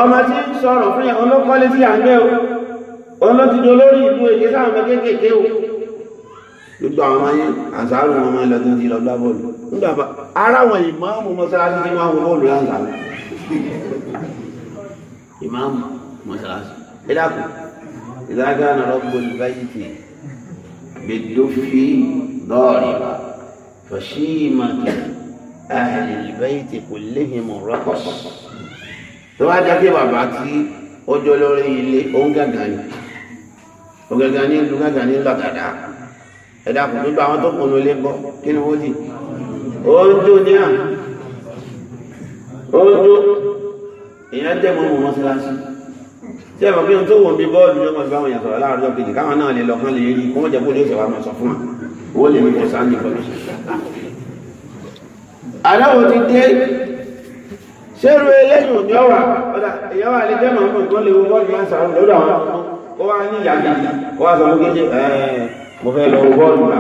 ọmọ tí ń sọ̀rọ̀ fún yàrá ọlọ́kọ́lé sí àgbẹ̀ o ọlọ́tìdó lórí ìlú èdè sáwọn ọmọ kéékèèké o gbogbo àwọn ọmọ yẹn àṣàrò wọn máa ń lọ tó ń di lọ gbá bọ́ọ̀lù nígbà bá ara wọn ìmọ̀ ọmọ mọ́sálásí ti máa ń wọ bọ́ọ̀lù láǹsà إمام متعاصي إلى إذا كان رب البيت بالدف ضاربا فشيمة أهل البيت كلهم الرقص ثم جاك باباتي أجولوري اللي أونغاني أونغاني أونغاني لا دادا إذا كنت بعمل تقول لي بو كنودي أوجو نيا أوجو èèyàn jẹ́ mọ́ mọ́ mọ́sálásí tí ẹ̀mọ̀ pé tó wọ́n bí bọ́ọ̀lù yóò mọ̀ báwọn yàtọ̀ láàárọ̀ kejì káwọn náà lè lọ kán lè rí kó wọ́n jẹ́ bó ló ṣe wá mọ̀ sọ fún wa ó lè mú kọ̀sán ní kọ̀lọ̀ aláwọ̀ ti dé ṣérú eléyìn òní ọ̀wà ọ̀dà èèyàn wà lè jẹ́ mọ̀ mọ̀ tó lè wo bọ́ọ̀lù máa sàrọ̀ lórí àwọn kó wá ní ìyá gidi kó wá sọ fún kéjì mo fẹ́ lọ wo bọ́ọ̀lù náà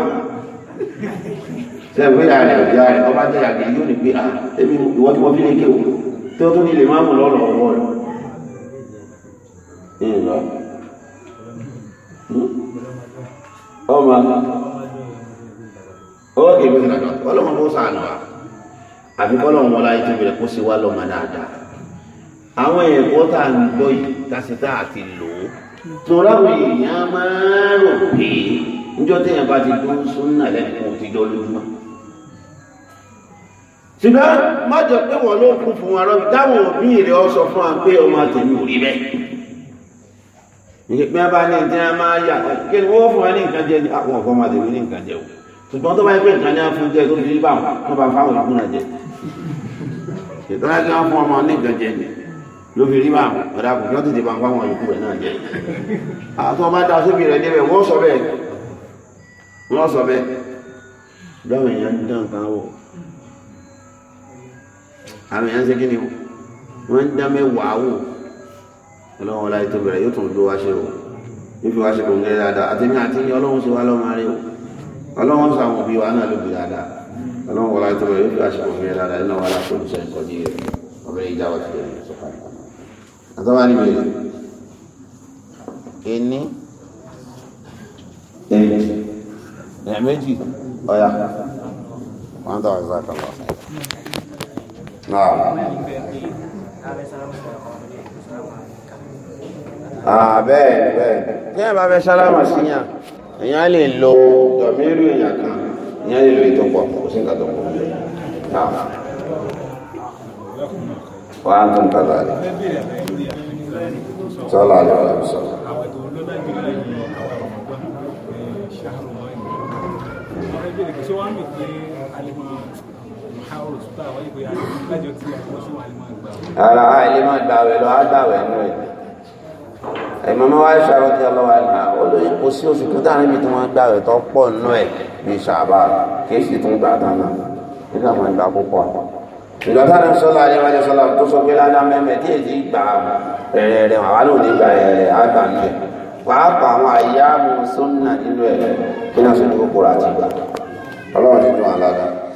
sẹ́gbẹ́ yàrá ìyá rẹ̀ ọba jẹ́ yàgì yóò ní pé ah ebi ìwọ́n ti wọ́n fi lè kéwòn tí ó tún ní lè má mú lọ́rọ̀ ọwọ́ rẹ̀ ìlọ hmm. ọmọ ókè bí ọlọ́mọ bó sànù wa àfi kọ́lọ́mọ wọn láyé tó bẹ̀rẹ̀ kó sì wá lọ́mọ dáadáa àwọn ẹ̀kọ́ tá à ń gbọ́ yìí tásítá àti lò ó tòráwọ̀ èèyàn máa ń rò pé níjọ́ téèyàn bá ti dún sún náà lẹ́nu kó ti jọ lójúmọ́ ṣùgbọ́n má jọ pé wọ́n ló kún fún arọ́ dáwọn òbí rẹ̀ ọ sọ fún àpé ọmọ tèmi ò rí bẹ́ ìpín abá ní ìdíra máa yà kí ni wọ́n fún ẹ ní nǹkan jẹ ní àwọn ọ̀fọ́ máa tèmi ní nǹkan jẹ o ṣùgbọ́n tó bá yẹ pé nǹkan ní fún jẹ tó fi rí báwọn wọ́n bá fáwọn ìlú náà jẹ ìtọ́lá kí wọ́n fún ọmọ ní nǹkan jẹ ló fi rí báwọn ọ̀dà kò fún tètè máa fáwọn ìlú rẹ̀ náà jẹ àti wọ́n sọ bẹ́ẹ̀ wọ́n sọ bẹ́ẹ̀ àwọn èèyàn ń ṣe kí ni wọ́n ń dá mẹ́wàá wò ọlọ́run ọlá ètò bẹ̀rẹ̀ yóò tún ló wá ṣe o yóò fi wá ṣe kòǹgẹ́ dáadáa àti ní àti ní ọlọ́run ṣe wá lọ́mọ rí o ọlọ́run sọ àwọn òbí wa náà ló bí dáadáa ọlọ́run ọlá ètò bẹ̀rẹ̀ yóò fi wá ṣe kòǹgẹ́ dáadáa nínú wàhálà tó ń sọ nǹkan ní rẹ̀ ọbẹ̀rẹ̀ ìjà wà tilẹ̀ ní sọ́kà àtọ́wá ọ̀yà wọn tọ́ àgbà kan lọ́sàn Ah, bẹ́ẹ̀ bẹ́ẹ̀ tí ẹ bá fẹ́ sálámà síyàn èèyàn lè lo dọ̀míìrù èèyàn kan èèyàn lè lo ìtọ́pọ̀ kò sí nǹkan tó pọ̀ wà á tún tàbí rẹ̀ sọ́lá àjọ rẹ̀ sọ. Thank you ara àìlè máa gbàwẹ̀ lọ àgbàwẹ̀ nù ẹ̀ ẹ̀mọ́mọ́ wáyé ṣàrọ̀ tí ọlọ́wà ẹ̀nà olóyìn kò sí oṣù tó dáa níbi tí wọ́n gbàwẹ̀ tó pọ̀ nù ẹ̀ ní ṣàbá kìí sì tún gbà tán náà nígbà wọn gbà púpọ̀ ìgbà táwọn sọlá adéwájú sọlá tó sọ pé ládá mẹ́mẹ́ tí èyí gbà rẹ̀ rẹ̀ wà lóun nígbà rẹ̀ àgbà nù ẹ̀ pàápàá àwọn àyà mú sọ́nà nínú ẹ̀ kí náà sọ́nà kòkòrò àti ìgbà ọlọ́run nínú àládàá